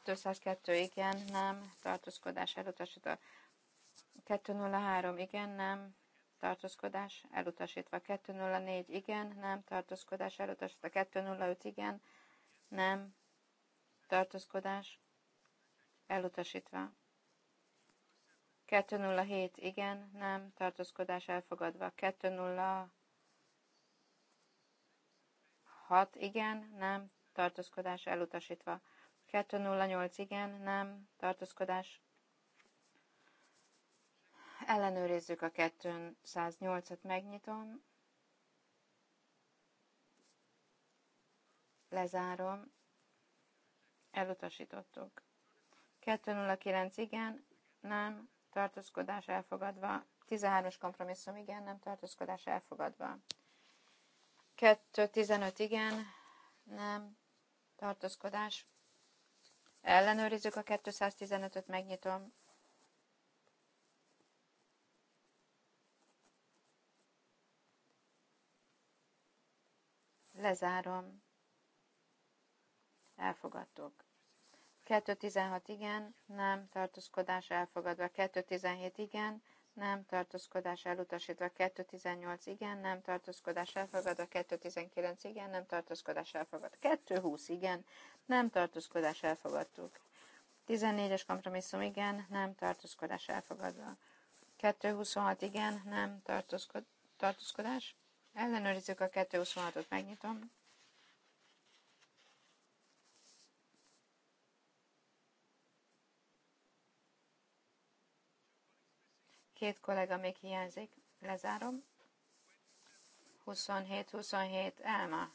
202 igen, nem tartózkodás elutasítva, 203 igen, nem tartózkodás elutasítva, 204 igen, nem tartózkodás elutasítva, 205 igen, nem tartózkodás elutasítva. 207 igen, nem, tartózkodás elfogadva. 206 igen, nem, tartózkodás elutasítva. 208 igen, nem, tartózkodás. Ellenőrizzük a 208-at, megnyitom. Lezárom. Elutasítottuk. 209 igen, nem, tartózkodás elfogadva. 13-as kompromisszum igen, nem tartózkodás elfogadva. 2-15 igen, nem tartózkodás. Ellenőrizzük a 215-öt, megnyitom. Lezárom. Elfogadtuk. 216 igen, nem, tartózkodás elfogadva. 217 igen, nem, tartózkodás elutasítva. 218 igen, nem, tartózkodás elfogadva. 219 igen, nem, tartózkodás elfogadva. 220 igen, nem, tartózkodás elfogadtuk. 14-es kompromisszum igen, nem, tartózkodás elfogadva. 226 igen, nem, tartózkodás. Ellenőrizzük a 226-ot, megnyitom. Két kollega még hiányzik. Lezárom. 27-27. Elma.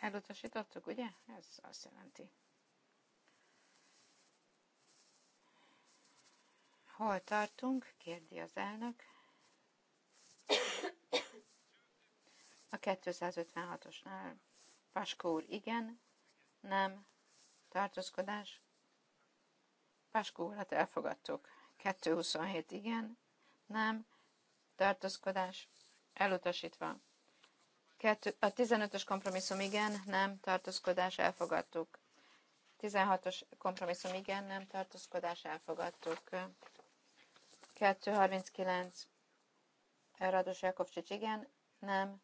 Elutasítottuk, ugye? Ez azt jelenti. Hol tartunk? kérdi az elnök. A 256-osnál Paskó úr igen, nem, tartózkodás. Páskó urat elfogadtuk. 227 igen, nem, tartózkodás, elutasítva. Kettő, a 15-ös kompromisszum igen, nem, tartózkodás, elfogadtuk. 16-os kompromisszum igen, nem, tartózkodás, elfogadtuk. 239, Rados Jakovcsics igen, nem,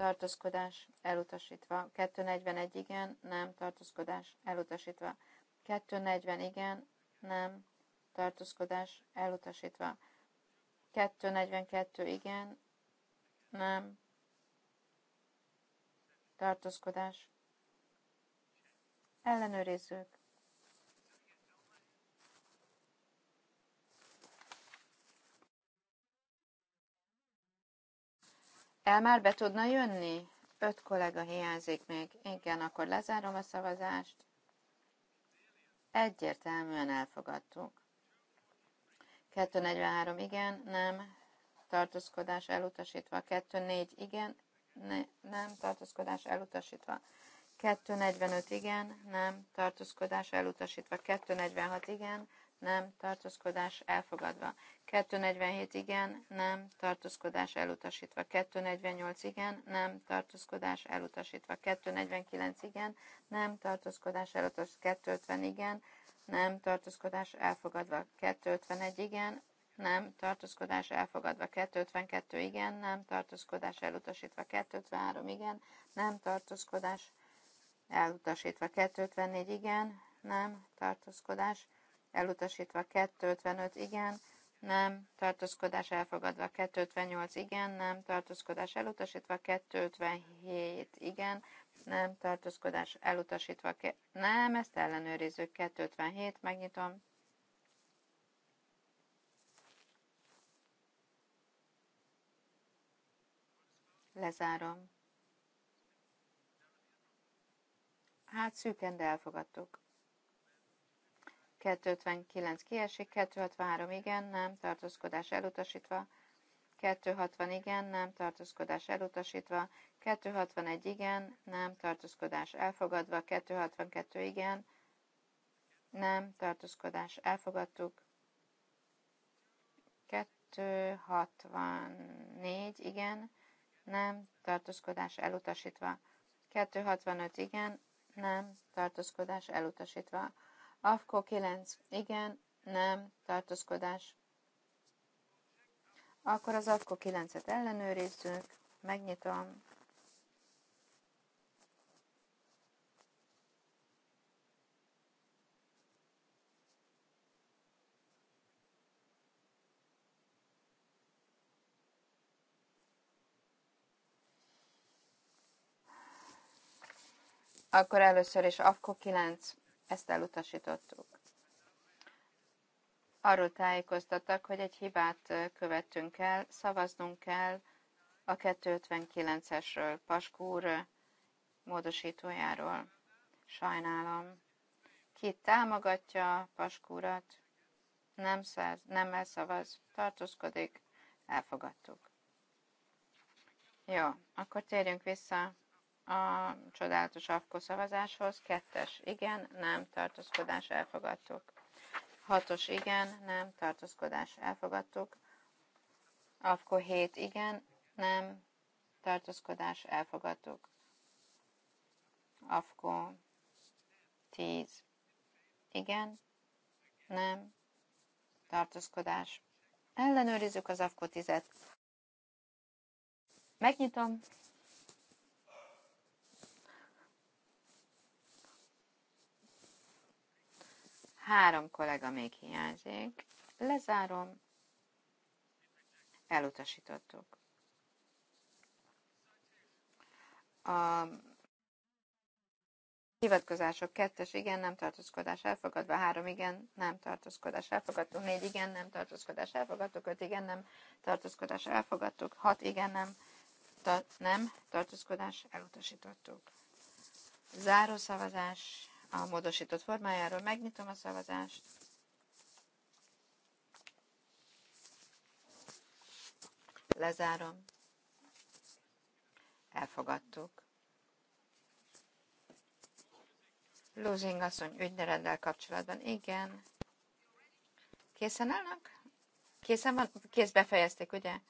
tartózkodás elutasítva. 241 igen, nem, tartózkodás elutasítva. 240 igen, nem, tartózkodás elutasítva. 242 igen, nem, tartózkodás. Ellenőrizzük. El már be tudna jönni? Öt kollega hiányzik még. Igen, akkor lezárom a szavazást. Egyértelműen elfogadtuk. 243 igen, nem, tartózkodás elutasítva. 24 igen, ne, nem, tartózkodás elutasítva. 245 igen, nem, tartózkodás elutasítva. 246 igen, nem, tartózkodás elfogadva. 247 igen, nem, tartózkodás elutasítva. 248 igen, nem, tartózkodás elutasítva. 249 igen, nem, tartózkodás elutasítva. 250 igen, nem, tartózkodás elfogadva. 251 igen, nem, tartózkodás elfogadva 252, igen, nem, tartózkodás elutasítva 253, igen, nem, tartózkodás elutasítva 254, igen, nem, tartózkodás elutasítva elutasítva 255 igen, nem, tartózkodás elfogadva 258 igen, nem, tartózkodás elutasítva 257 igen, nem, tartózkodás elutasítva, ke- nem, ezt ellenőrizzük, 257, megnyitom. Lezárom. Hát szűken, de elfogadtuk. 259 kiesik, 263 igen, nem, tartózkodás elutasítva, 260 igen, nem, tartózkodás elutasítva, 261 igen, nem, tartózkodás elfogadva, 262 igen, nem, tartózkodás elfogadtuk, 264 igen, nem, tartózkodás elutasítva, 265 igen, nem, tartózkodás elutasítva, AFKO 9. Igen, nem, tartózkodás. Akkor az AFKO 9-et ellenőrizzük. Megnyitom. Akkor először is AFKO 9 ezt elutasítottuk. Arról tájékoztattak, hogy egy hibát követtünk el, szavaznunk kell a 259-esről, Paskúr módosítójáról. Sajnálom. Ki támogatja Paskúrat, nem, száz, nem elszavaz, tartózkodik, elfogadtuk. Jó, akkor térjünk vissza a csodálatos AFKO szavazáshoz. Kettes, igen, nem, tartózkodás, elfogadtuk. Hatos, igen, nem, tartózkodás, elfogadtuk. AFKO 7, igen, nem, tartózkodás, elfogadtuk. AFKO 10, igen, nem, tartózkodás. Ellenőrizzük az AFKO 10-et. Megnyitom. Három kollega még hiányzik. Lezárom. Elutasítottuk. A hivatkozások kettes igen, nem tartózkodás elfogadva, három igen, nem tartózkodás elfogadtuk, négy igen, nem tartózkodás elfogadtuk, öt igen, nem tartózkodás elfogadtuk, hat igen, nem, ta- nem tartózkodás elutasítottuk. Záró szavazás a módosított formájáról. Megnyitom a szavazást. Lezárom. Elfogadtuk. Losing asszony ügynereddel kapcsolatban. Igen. Készen állnak? Készen van? Kész befejezték, ugye?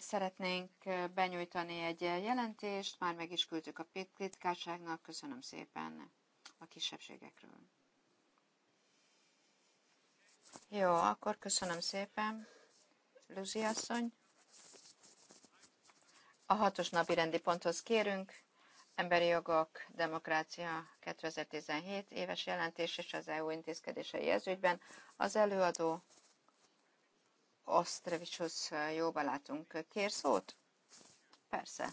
szeretnénk benyújtani egy jelentést, már meg is küldtük a titkárságnak, köszönöm szépen a kisebbségekről. Jó, akkor köszönöm szépen, Luzi asszony. A hatos napi rendi ponthoz kérünk, Emberi jogok, demokrácia 2017 éves jelentés és az EU intézkedései ezügyben. Az előadó Osztrevicshoz jóba látunk. Kér szót? Persze.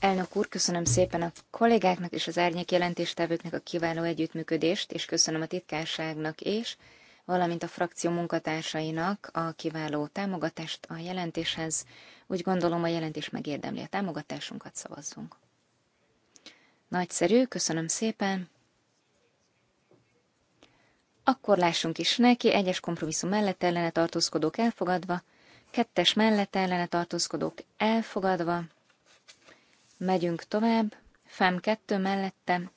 Elnök úr, köszönöm szépen a kollégáknak és az árnyék jelentéstevőknek a kiváló együttműködést, és köszönöm a titkárságnak és valamint a frakció munkatársainak a kiváló támogatást a jelentéshez. Úgy gondolom, a jelentés megérdemli a támogatásunkat, szavazzunk. Nagyszerű, köszönöm szépen. Akkor lássunk is neki, egyes kompromisszum mellett ellene tartózkodók elfogadva, kettes mellett ellene tartózkodók elfogadva, megyünk tovább, FEM 2 mellette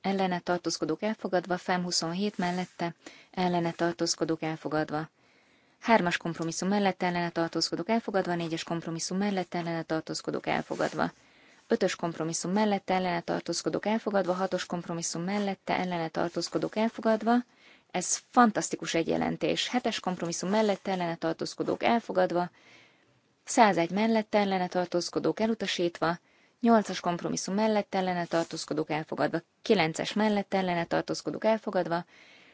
ellene tartózkodók elfogadva, FEM 27 mellette ellene tartózkodók elfogadva. Hármas kompromisszum mellett ellene tartózkodók elfogadva, négyes kompromisszum mellett ellene tartózkodók elfogadva. Ötös kompromisszum mellett ellene tartózkodók elfogadva, hatos kompromisszum mellette ellene tartózkodók elfogadva, ez fantasztikus egy jelentés. Hetes kompromisszum mellett ellene tartózkodók elfogadva, 101 mellett ellene tartózkodók elutasítva, 8-as kompromisszum mellett ellene tartózkodók elfogadva, 9-es mellett ellene tartózkodók elfogadva,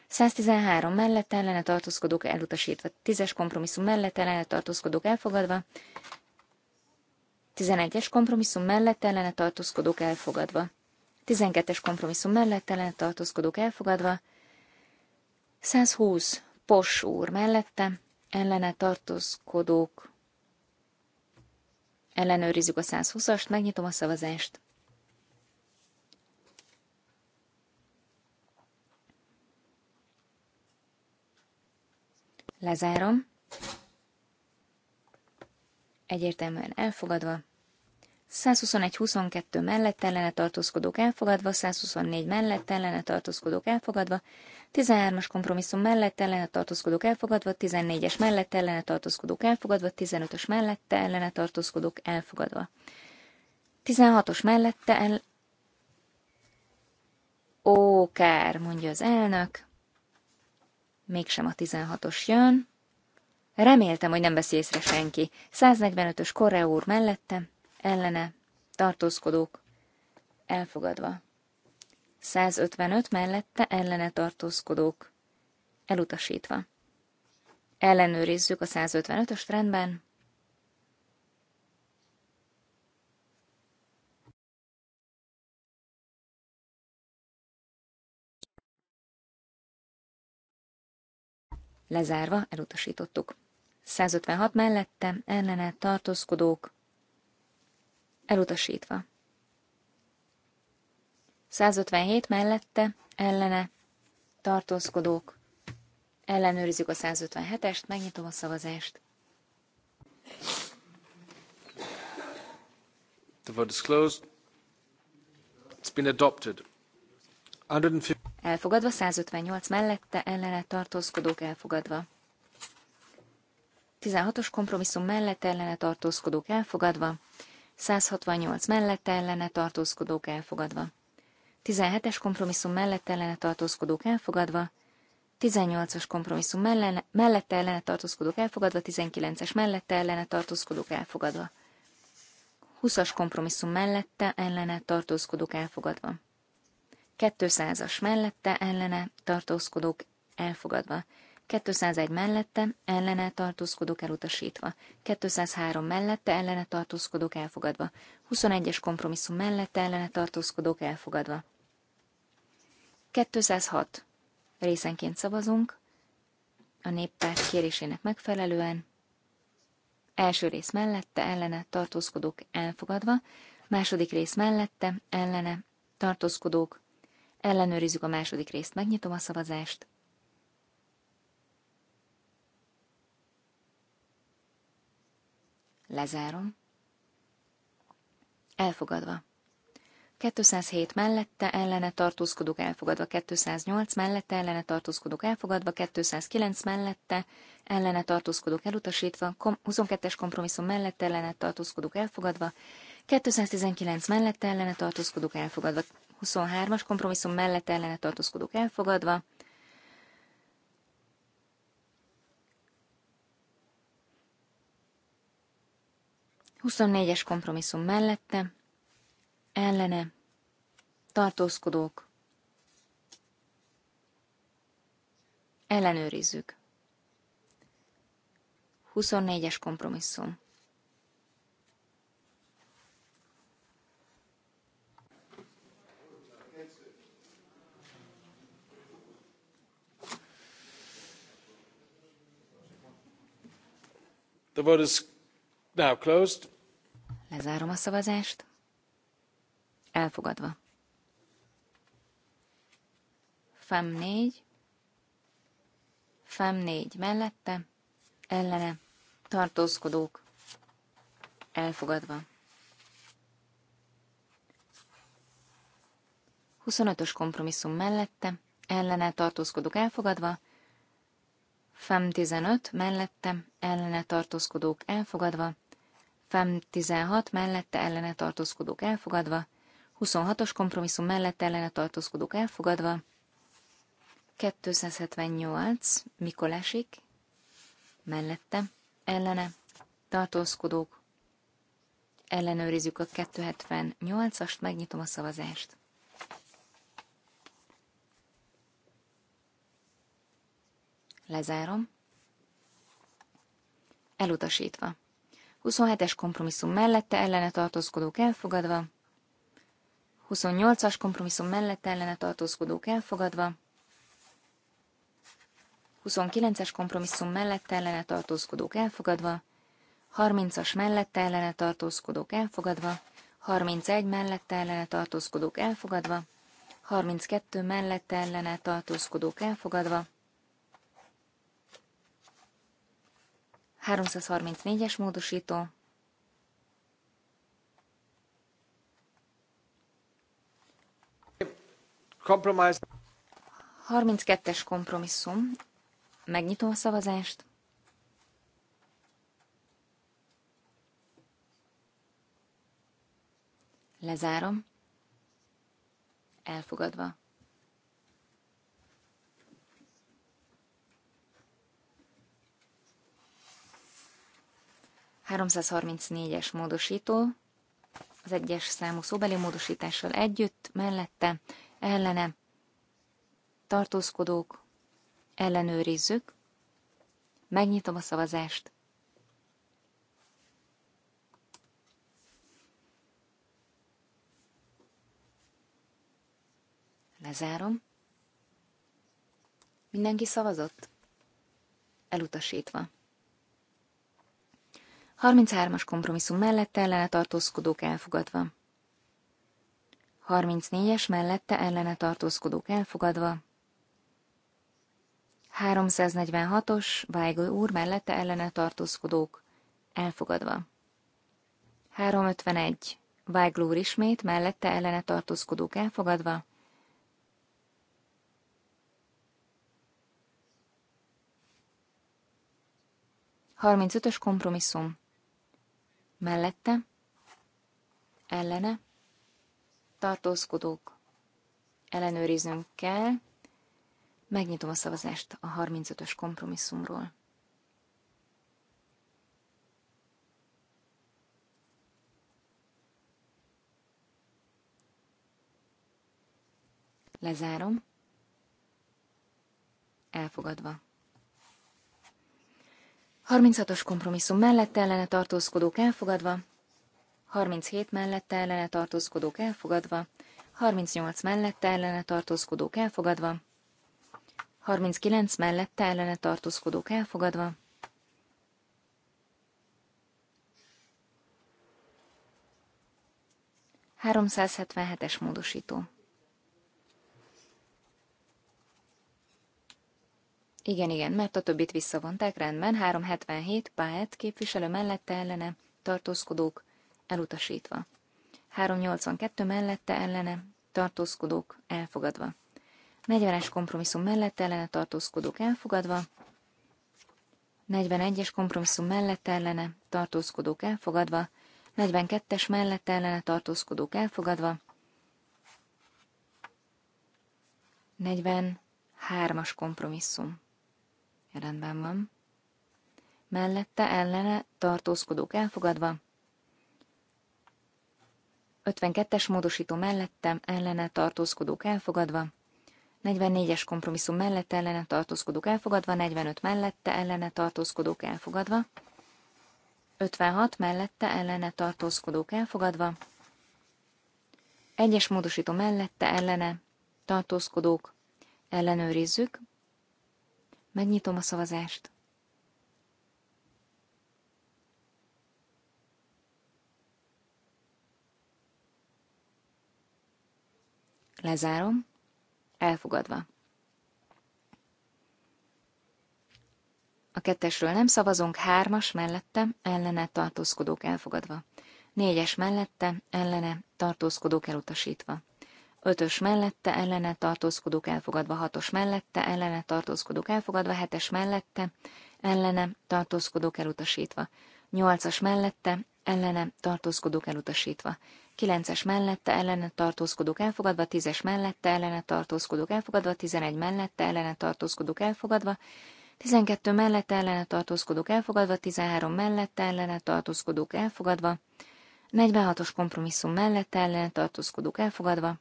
113 mellett ellene tartózkodók elutasítva, 10-es kompromisszum mellett ellene tartózkodók elfogadva, 11-es kompromisszum mellett ellene tartózkodók elfogadva, 12-es kompromisszum mellett ellene tartózkodók elfogadva, 120 Pos úr mellette, ellene tartózkodók. Ellenőrizzük a 120-ast, megnyitom a szavazást. Lezárom. Egyértelműen elfogadva. 121-22 mellett ellene tartózkodók elfogadva, 124 mellett ellene tartózkodók elfogadva, 13-as kompromisszum mellett ellene tartózkodók elfogadva, 14-es mellett ellene tartózkodók elfogadva, 15-ös mellette ellene tartózkodók elfogadva. 16-os mellette el... Ó, kár, mondja az elnök. Mégsem a 16-os jön. Reméltem, hogy nem veszi észre senki. 145-ös Korre mellettem ellene, tartózkodók, elfogadva. 155 mellette ellene tartózkodók, elutasítva. Ellenőrizzük a 155-ös trendben. Lezárva elutasítottuk. 156 mellette ellene tartózkodók, Elutasítva. 157 mellette, ellene, tartózkodók. Ellenőrizzük a 157-est, megnyitom a szavazást. The vote is closed. It's been adopted. 150... Elfogadva 158 mellette, ellene tartózkodók elfogadva. 16-os kompromisszum mellett ellene tartózkodók elfogadva, 168 mellett ellene tartózkodók elfogadva. 17-es kompromisszum mellett ellene tartózkodók elfogadva, 18-as kompromisszum mellene, mellette ellene tartózkodók elfogadva, 19-es mellette ellene tartózkodók elfogadva. 20-as kompromisszum mellette ellene tartózkodók elfogadva. 200-as mellette ellene tartózkodók elfogadva. 201 mellette, ellene tartózkodók elutasítva, 203 mellette, ellene tartózkodók elfogadva, 21-es kompromisszum mellette, ellene tartózkodók elfogadva. 206. Részenként szavazunk, a néppárt kérésének megfelelően, első rész mellette, ellene tartózkodók elfogadva, második rész mellette, ellene tartózkodók, ellenőrizzük a második részt, megnyitom a szavazást, Lezárom. Elfogadva. 207 mellette ellene tartózkodok, elfogadva, 208 mellette ellene tartózkodok, elfogadva, 209 mellette ellene tartózkodok, elutasítva, 22-es kompromisszum mellette ellene tartózkodok, elfogadva, 219 mellette ellene tartózkodok, elfogadva, 23-as kompromisszum mellette ellene tartózkodok, elfogadva, 24-es kompromisszum mellette, ellene, tartózkodók, ellenőrizzük. 24-es kompromisszum. The vote is now closed. Lezárom a szavazást. Elfogadva. FEM 4. FEM 4 mellette. Ellene. Tartózkodók. Elfogadva. 25-ös kompromisszum mellette, ellene tartózkodók elfogadva, FEM 15 mellette, ellene tartózkodók elfogadva, FEM 16 mellette ellene tartózkodók elfogadva, 26-os kompromisszum mellette ellene tartózkodók elfogadva, 278 Mikolásik mellette ellene tartózkodók ellenőrizzük a 278-ast, megnyitom a szavazást. Lezárom. Elutasítva. 27-es kompromisszum mellette ellene tartózkodók elfogadva, 28-as kompromisszum mellette ellene tartózkodók elfogadva, 29-es kompromisszum mellette ellene tartózkodók elfogadva, 30-as mellette ellene tartózkodók elfogadva, 31 mellette ellene tartózkodók elfogadva, 32 mellette ellene tartózkodók elfogadva, 334-es módosító. Compromise. 32-es kompromisszum. Megnyitom a szavazást. Lezárom. Elfogadva. 334-es módosító, az egyes számú szóbeli módosítással együtt, mellette, ellene, tartózkodók, ellenőrizzük, megnyitom a szavazást. Lezárom. Mindenki szavazott? Elutasítva. 33-as kompromisszum mellette ellene tartózkodók elfogadva. 34-es mellette ellene tartózkodók elfogadva. 346-os Vájgó úr mellette ellene tartózkodók elfogadva. 351 Vájgló úr ismét mellette ellene tartózkodók elfogadva. 35-ös kompromisszum mellette, ellene, tartózkodók, ellenőriznünk kell, megnyitom a szavazást a 35-ös kompromisszumról. Lezárom. Elfogadva. 36-os kompromisszum mellett ellene tartózkodók elfogadva, 37 mellett ellene tartózkodók elfogadva, 38 mellett ellene tartózkodók elfogadva, 39 mellett ellene tartózkodók elfogadva, 377-es módosító. Igen, igen, mert a többit visszavonták, rendben, 377 Páet képviselő mellette ellene, tartózkodók, elutasítva. 382 mellette ellene, tartózkodók, elfogadva. 40-es kompromisszum mellette ellene, tartózkodók, elfogadva. 41-es kompromisszum mellette ellene, tartózkodók, elfogadva. 42-es mellette ellene, tartózkodók, elfogadva. 43-as kompromisszum. Rendben van. Mellette ellene tartózkodók elfogadva. 52-es módosító mellette ellene tartózkodók elfogadva. 44-es kompromisszum mellette ellene tartózkodók elfogadva, 45 mellette ellene tartózkodók elfogadva, 56 mellette ellene tartózkodók elfogadva, egyes módosító mellette ellene tartózkodók ellenőrizzük, Megnyitom a szavazást. Lezárom. Elfogadva. A kettesről nem szavazunk, hármas mellette, ellene tartózkodók elfogadva. Négyes mellette, ellene tartózkodók elutasítva ötös mellette ellene tartózkodók elfogadva, hatos mellette ellene tartózkodók elfogadva, hetes mellette ellene tartózkodók elutasítva, nyolcas mellette ellene tartózkodók elutasítva, kilences mellette ellene tartózkodók elfogadva, tízes mellette ellene tartózkodók elfogadva, tizenegy mellette ellene tartózkodók elfogadva, 12 mellette ellene tartózkodók elfogadva, 13 mellette ellene tartózkodók elfogadva, 46-os kompromisszum mellette ellene tartózkodók elfogadva,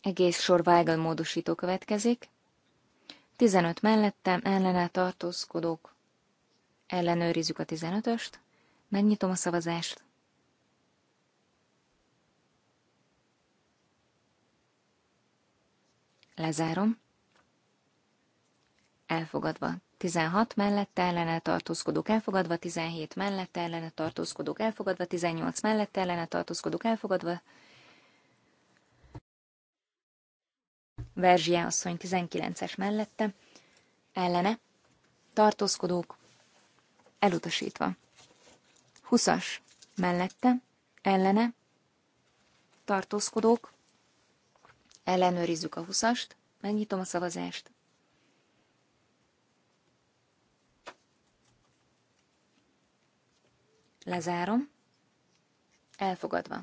Egész sor vágal módosító következik. 15 mellettem, ellená tartózkodók. Ellenőrizzük a 15-öst. Megnyitom a szavazást. Lezárom. Elfogadva. 16 mellette ellene tartózkodók elfogadva, 17 mellette ellene tartózkodók elfogadva, 18 mellette ellene tartózkodók elfogadva, Verzsia asszony 19-es mellette, ellene, tartózkodók, elutasítva. 20-as mellette, ellene, tartózkodók, ellenőrizzük a 20-ast, megnyitom a szavazást. Lezárom. Elfogadva.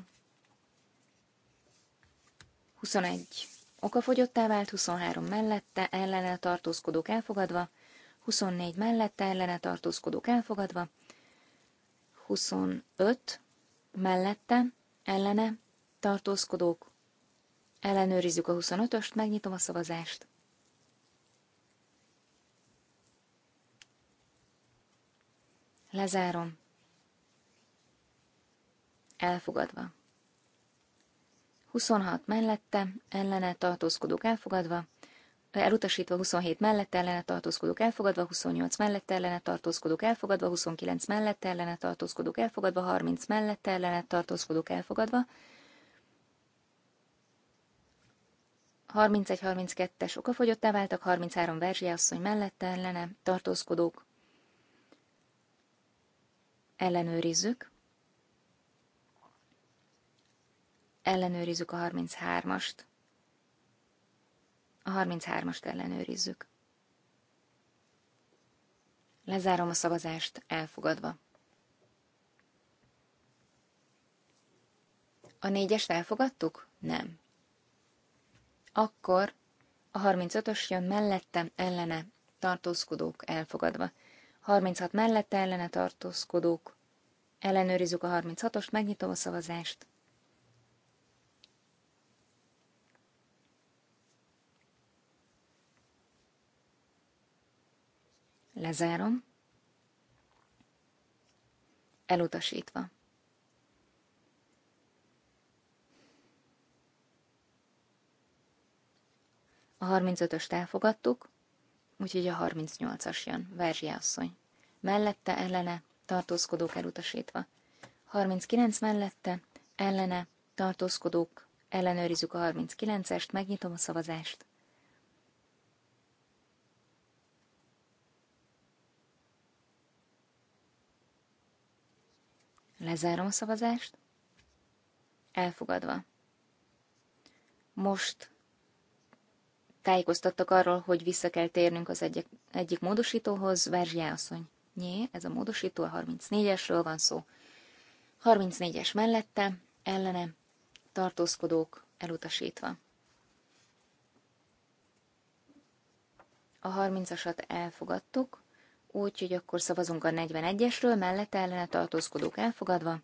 21. Okafogyottá vált 23 mellette, ellene tartózkodók elfogadva, 24 mellette, ellene tartózkodók elfogadva, 25 mellette, ellene tartózkodók. Ellenőrizzük a 25-öst, megnyitom a szavazást. Lezárom. Elfogadva. 26 mellette, ellene tartózkodók elfogadva, elutasítva 27 mellette ellene tartózkodók elfogadva, 28 mellette ellene tartózkodók elfogadva, 29 mellette ellene tartózkodók elfogadva, 30 mellette ellene tartózkodók elfogadva, 31-32-es okafogyottá váltak, 33 asszony mellette ellene tartózkodók. Ellenőrizzük. Ellenőrizzük a 33-ast. A 33-ast ellenőrizzük. Lezárom a szavazást elfogadva. A négyest elfogadtuk? Nem. Akkor a 35-ös jön mellettem ellene tartózkodók elfogadva. 36 mellette ellene tartózkodók. Ellenőrizzük a 36-ost, megnyitom a szavazást. Lezárom. Elutasítva. A 35-öst elfogadtuk, úgyhogy a 38-as jön, Verzsi asszony. Mellette, ellene, tartózkodók elutasítva. 39 mellette, ellene, tartózkodók, ellenőrizzük a 39-est, megnyitom a szavazást. Lezárom a szavazást. Elfogadva. Most tájékoztattak arról, hogy vissza kell térnünk az egyik, egyik módosítóhoz. Verzsiá asszony. Nyé, ez a módosító, a 34-esről van szó. 34-es mellette, ellene, tartózkodók elutasítva. A 30-asat elfogadtuk, úgyhogy akkor szavazunk a 41-esről, mellette ellene tartózkodók elfogadva.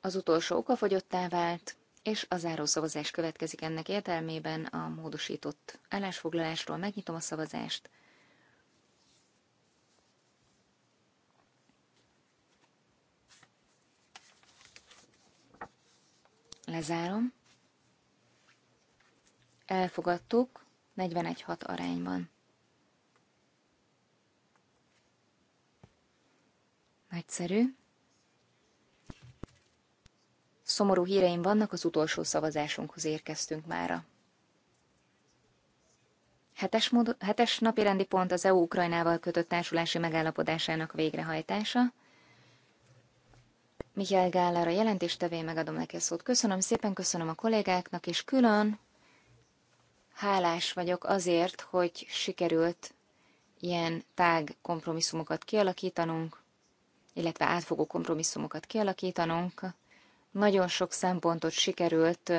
Az utolsó fogyottá vált, és a zárószavazás következik ennek értelmében a módosított állásfoglalásról. Megnyitom a szavazást. Lezárom. Elfogadtuk 41-6 arányban. Nagyszerű. Szomorú híreim vannak, az utolsó szavazásunkhoz érkeztünk mára. Hetes, mód, hetes napi rendi pont az EU-Ukrajnával kötött társulási megállapodásának végrehajtása. Mihály Gálára jelentéstevé megadom neki a szót. Köszönöm szépen, köszönöm a kollégáknak, és külön hálás vagyok azért, hogy sikerült ilyen tág kompromisszumokat kialakítanunk, illetve átfogó kompromisszumokat kialakítanunk. Nagyon sok szempontot sikerült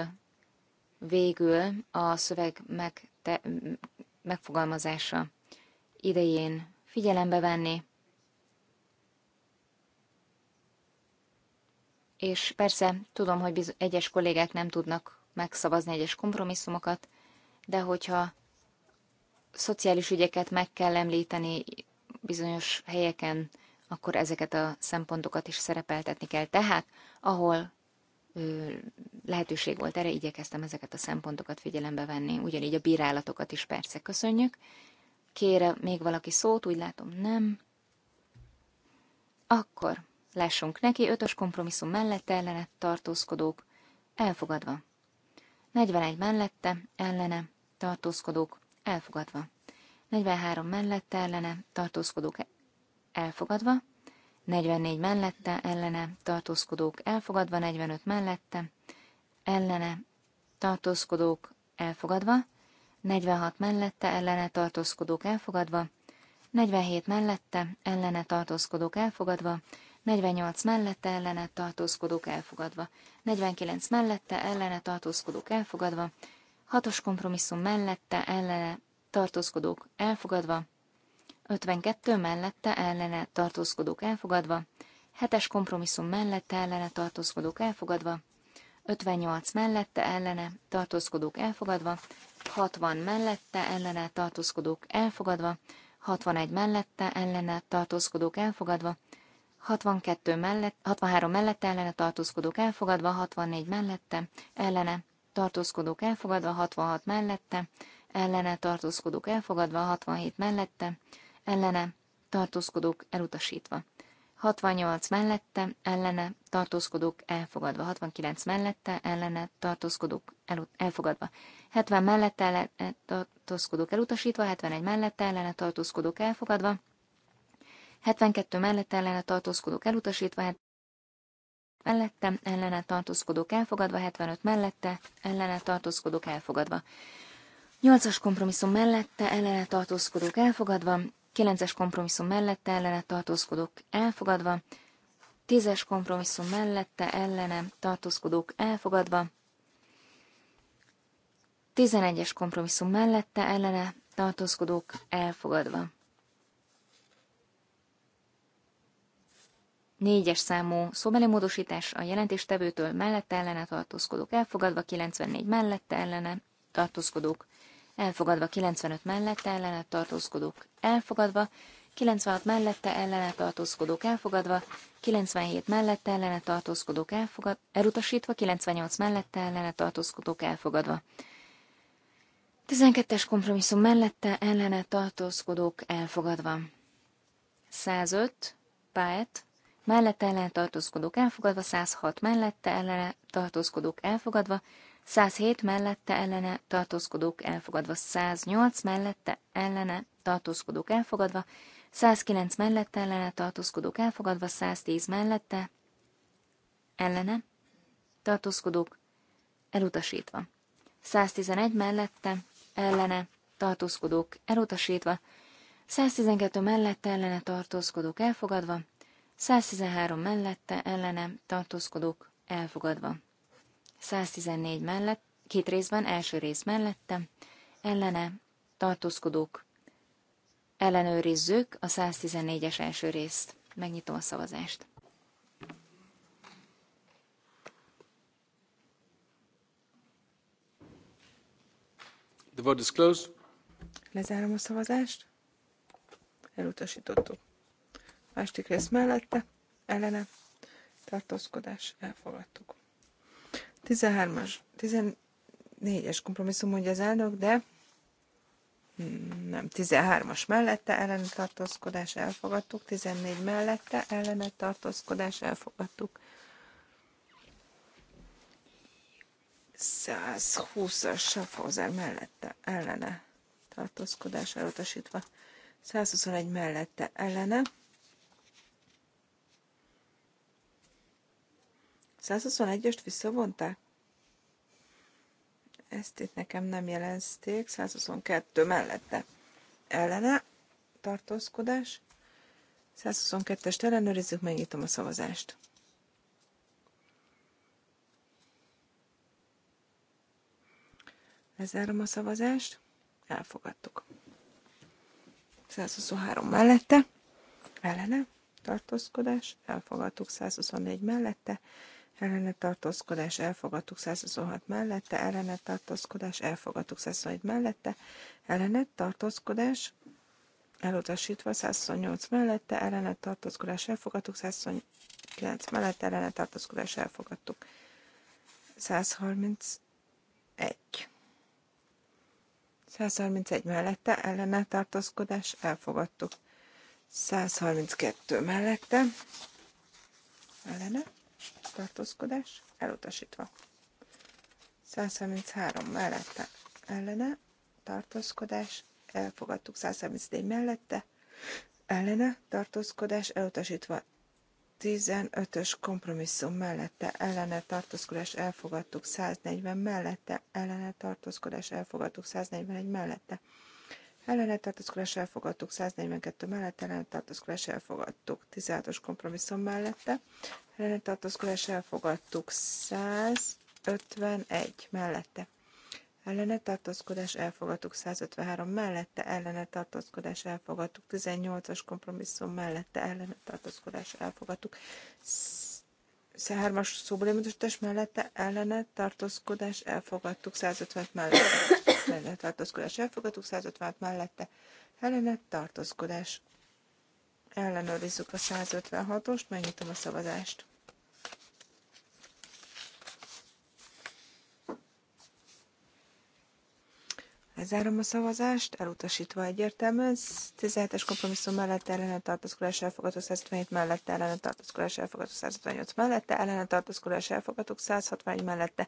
végül a szöveg megte- megfogalmazása idején figyelembe venni, és persze tudom, hogy egyes kollégák nem tudnak megszavazni egyes kompromisszumokat, de hogyha szociális ügyeket meg kell említeni bizonyos helyeken, akkor ezeket a szempontokat is szerepeltetni kell. Tehát, ahol ö, lehetőség volt erre, igyekeztem ezeket a szempontokat figyelembe venni, ugyanígy a bírálatokat is persze köszönjük. Kére még valaki szót, úgy látom nem. Akkor lássunk neki, ötös kompromisszum mellette ellenet tartózkodók, elfogadva. 41 mellette, ellene, tartózkodók elfogadva. 43 e- mellette ellene tartózkodók elfogadva, 44 mellette ellene tartózkodók elfogadva, 45 mellette ellene tartózkodók elfogadva, 46 mellette ellene tartózkodók elfogadva, 47 mellette ellene tartózkodók elfogadva, 48 mellette ellene tartózkodók elfogadva, 49 mellette ellene tartózkodók elfogadva, hatos kompromisszum mellette ellene tartózkodók elfogadva, 52 mellette ellene tartózkodók elfogadva, 7-es kompromisszum mellette ellene tartózkodók elfogadva, 58 mellette ellene tartózkodók elfogadva, 60 mellette ellene tartózkodók elfogadva, 61 mellette ellene tartózkodók elfogadva, 62 mellett, 63 mellette ellene tartózkodók elfogadva, 64 mellette ellene tartózkodók elfogadva, 66 mellette, ellene tartózkodók elfogadva, 67 mellette, ellene tartózkodók elutasítva. 68 mellette, ellene tartózkodók elfogadva, 69 e, mellette, ellene tartózkodók elfogadva, 70 mellette, ellene tartózkodók elutasítva, 71 mellette, ellene tartózkodók elfogadva, 72 mellette, ellene tartózkodók elutasítva, mellette, ellene tartózkodók elfogadva, 75 mellette, ellene tartózkodók elfogadva. 8-as kompromisszum mellette, ellene tartózkodók elfogadva, 9-es kompromisszum mellette, ellene tartózkodók elfogadva, 10-es kompromisszum mellette, ellene tartózkodók elfogadva, 11-es kompromisszum mellette, ellene tartózkodók elfogadva. Négyes számú szóbeli módosítás a jelentéstevőtől mellette ellene tartózkodók elfogadva, 94 mellette ellene tartózkodók elfogadva, 95 mellette ellene tartózkodók elfogadva, 96 mellette ellene tartózkodók elfogadva, 97 mellette ellene tartózkodók elfogad, elutasítva, 98 mellette ellene tartózkodók elfogadva. 12-es kompromisszum mellette ellene tartózkodók elfogadva. 105 páet mellette ellen tartózkodók elfogadva, 106 mellette ellene tartózkodók elfogadva, 107 mellette ellene tartózkodók elfogadva, 108 mellette ellene tartózkodók elfogadva, 109 mellette ellene tartózkodók elfogadva, 110 mellette ellene tartózkodók elutasítva, 111 mellette ellene tartózkodók elutasítva, 112 mellette ellene tartózkodók elfogadva, 113 mellette, ellene tartózkodók, elfogadva. 114 mellett, két részben, első rész mellette, ellene, tartózkodók, ellenőrizzük a 114-es első részt. Megnyitom a szavazást. The vote is closed. Lezárom a szavazást. Elutasítottuk. Másik rész mellette, ellene, tartózkodás, elfogadtuk. 13-as, 14-es kompromisszum mondja az elnök, de hmm, nem, 13-as mellette ellene tartózkodás elfogadtuk, 14 mellette ellene tartózkodás elfogadtuk. 120-as Schaffhauser mellette ellene tartózkodás elutasítva, 121 mellette ellene 121-est visszavonták? Ezt itt nekem nem jelezték. 122 mellette ellene tartózkodás. 122-est ellenőrizzük, megnyitom a szavazást. Lezárom a szavazást. Elfogadtuk. 123 mellette, ellene, tartózkodás, elfogadtuk 124 mellette, ellene tartózkodás elfogadtuk 126 mellette, ellene tartózkodás elfogadtuk 121 mellette, ellene tartózkodás elutasítva 128 mellette, ellene tartózkodás elfogadtuk 129 mellette, ellene tartózkodás elfogadtuk 131. 131 mellette, ellene tartózkodás elfogadtuk 132 mellette, ellene tartózkodás elutasítva. 133 mellette ellene tartózkodás elfogadtuk. 134 mellette ellene tartózkodás elutasítva. 15-ös kompromisszum mellette ellene tartózkodás elfogadtuk, 140 mellette ellene tartózkodás elfogadtuk, 141 mellette ellene tartózkodás elfogadtuk, 142 mellette ellene tartózkodás elfogadtuk, 16-os kompromisszum mellette tartózkodás elfogadtuk 151 mellette. Ellene tartózkodás elfogadtuk 153 mellette, ellene tartózkodás elfogadtuk 18-as kompromisszum mellette, ellene tartózkodás elfogadtuk 3-as szóbelimutatás mellette, ellene tartózkodás elfogadtuk 150 mellette, ellene tartózkodás elfogadtuk 156 mellette, ellene tartózkodás ellenőrizzük a 156-ost, megnyitom a szavazást. Lezárom a szavazást, elutasítva egyértelműen. 17-es kompromisszum mellett ellene tartózkodás elfogadó 177 mellette ellene tartózkodás elfogadó 158 mellette ellene tartózkodás elfogadtuk 161 mellette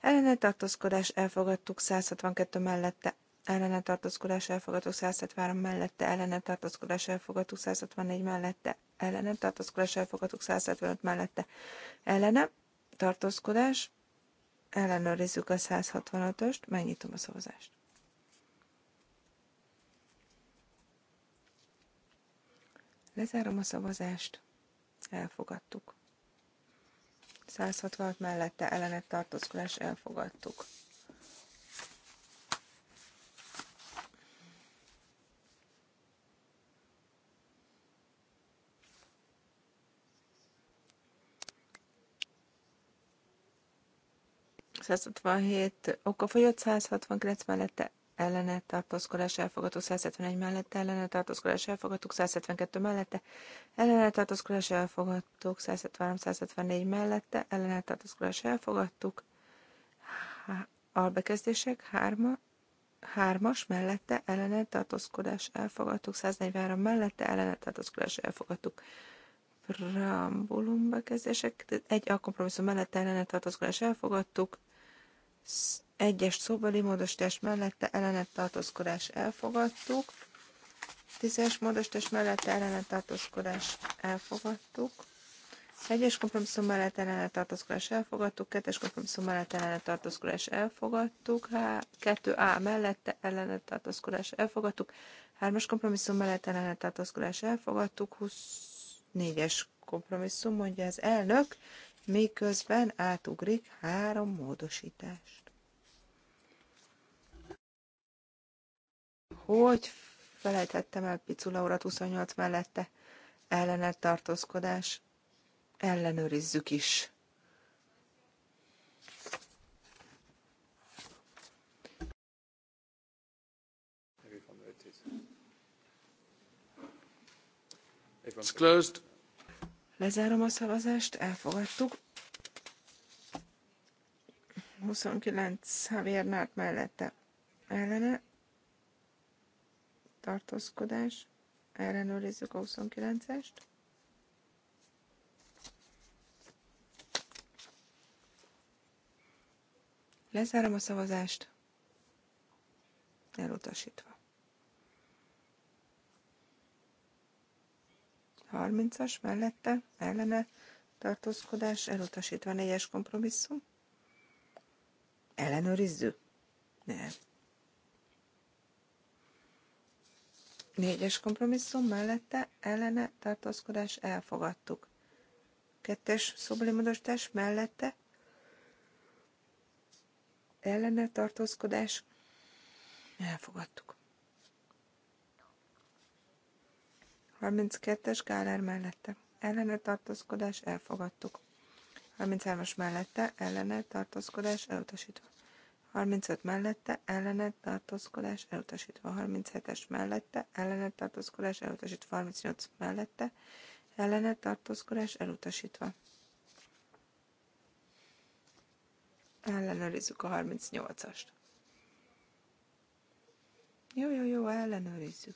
ellene tartózkodás elfogadtuk 162 mellette ellene tartózkodás elfogadtuk 173 mellette, ellene tartózkodás elfogadtuk 164 mellette, ellene tartózkodás elfogadtuk 175 mellette, ellene tartózkodás, ellenőrizzük a 165-öst, megnyitom a szavazást. Lezárom a szavazást. Elfogadtuk. 166 mellette ellenet tartózkodás elfogadtuk. oka 160 169 mellette ellene tartózkodás elfogadó 171 mellette, ellene tartózkodás elfogadtuk 172 mellette, ellene tartózkodás elfogadtuk 173-174 mellette, ellene tartózkodás elfogadtuk, Há, albekezdések 3 3-as mellette ellene tartózkodás elfogadtuk, 143 mellette ellene tartózkodás elfogadtuk. Preambulum bekezdések, egy a kompromisszum mellette ellene tartózkodás elfogadtuk, egyes szóbeli módosítás mellette ellenet tartózkodás elfogadtuk. Tízes módosítás mellette ellenet tartózkodás elfogadtuk. Egyes kompromisszum mellett ellenet tartózkodás elfogadtuk, kettes kompromisszum mellett ellenet tartózkodás elfogadtuk, kettő A mellette ellenet tartózkodás elfogadtuk, hármas kompromisszum mellett ellenet tartózkodás elfogadtuk, 24-es kompromisszum, mondja az elnök, miközben átugrik három módosítást. hogy felejthettem el Picula urat 28 mellette ellene tartózkodás. Ellenőrizzük is. It's closed. Lezárom a szavazást, elfogadtuk. 29 Havérnát mellette ellene tartózkodás, ellenőrizzük a 29-est. Lezárom a szavazást, elutasítva. 30-as mellette, ellene, tartózkodás, elutasítva 4-es kompromisszum. Ellenőrizzük? Nem. Négyes kompromisszum mellette ellene tartózkodás elfogadtuk. Kettes szublimodostás mellette ellene tartózkodás elfogadtuk. 32-es Gálár mellette ellene tartózkodás elfogadtuk. 33-as mellette ellene tartózkodás elutasítva. 35 mellette ellene tartózkodás elutasítva, 37-es mellette ellene tartózkodás elutasítva, 38 mellette ellene tartózkodás elutasítva. Ellenőrizzük a 38-ast. Jó, jó, jó, ellenőrizzük.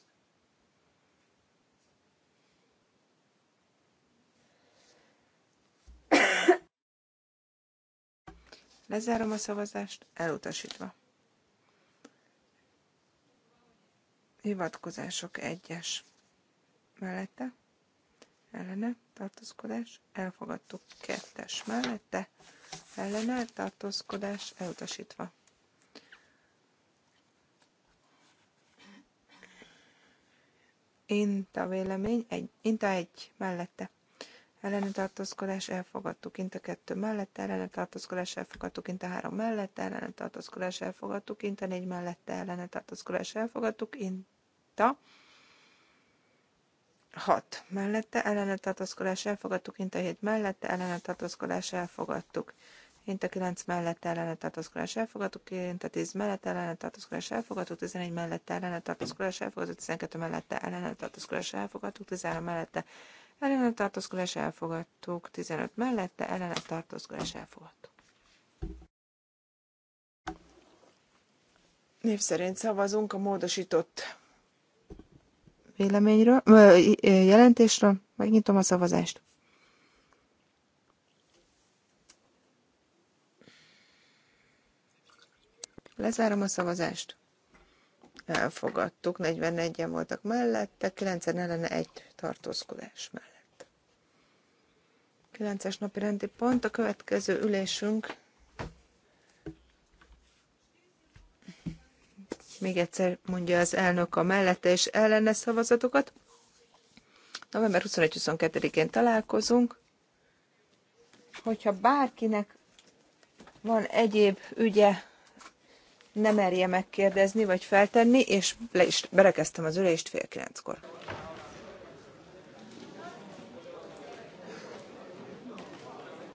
Lezárom a szavazást, elutasítva. Hivatkozások egyes. Mellette, ellene, tartózkodás, elfogadtuk. Kettes mellette, ellene, tartózkodás, elutasítva. Inta vélemény, egy, Inta egy mellette ellene tartózkodás elfogadtuk, int a kettő mellett ellene tartózkodás elfogadtuk, int a három mellett ellene tartózkodás elfogadtuk, int a négy mellett ellene tartózkodás elfogadtuk, int a 6 mellette ellene tartózkodás elfogadtuk, int a 7 mellette ellene tartózkodás elfogadtuk mint a 9 mellette, ellene tartózkodás elfogadtuk, mint a 10 mellette, ellene tartózkodás elfogadtuk, 11 mellette, ellene tartózkodás elfogadtuk, 12 mellette, ellene tartózkodás elfogadtuk, 13 mellette ellene tartózkodás elfogadtuk, 15 mellette ellene tartózkodás elfogadtuk. Név szerint szavazunk a módosított véleményről, jelentésről. Megnyitom a szavazást. Lezárom a szavazást. Elfogadtuk. 41-en voltak mellette, 9-en ellene egy tartózkodás mellett. 9-es napi rendi pont. A következő ülésünk még egyszer mondja az elnök a mellette és ellene szavazatokat. November 21-22-én találkozunk. Hogyha bárkinek van egyéb ügye, nem merje megkérdezni vagy feltenni, és le is berekeztem az ülést fél kilenckor.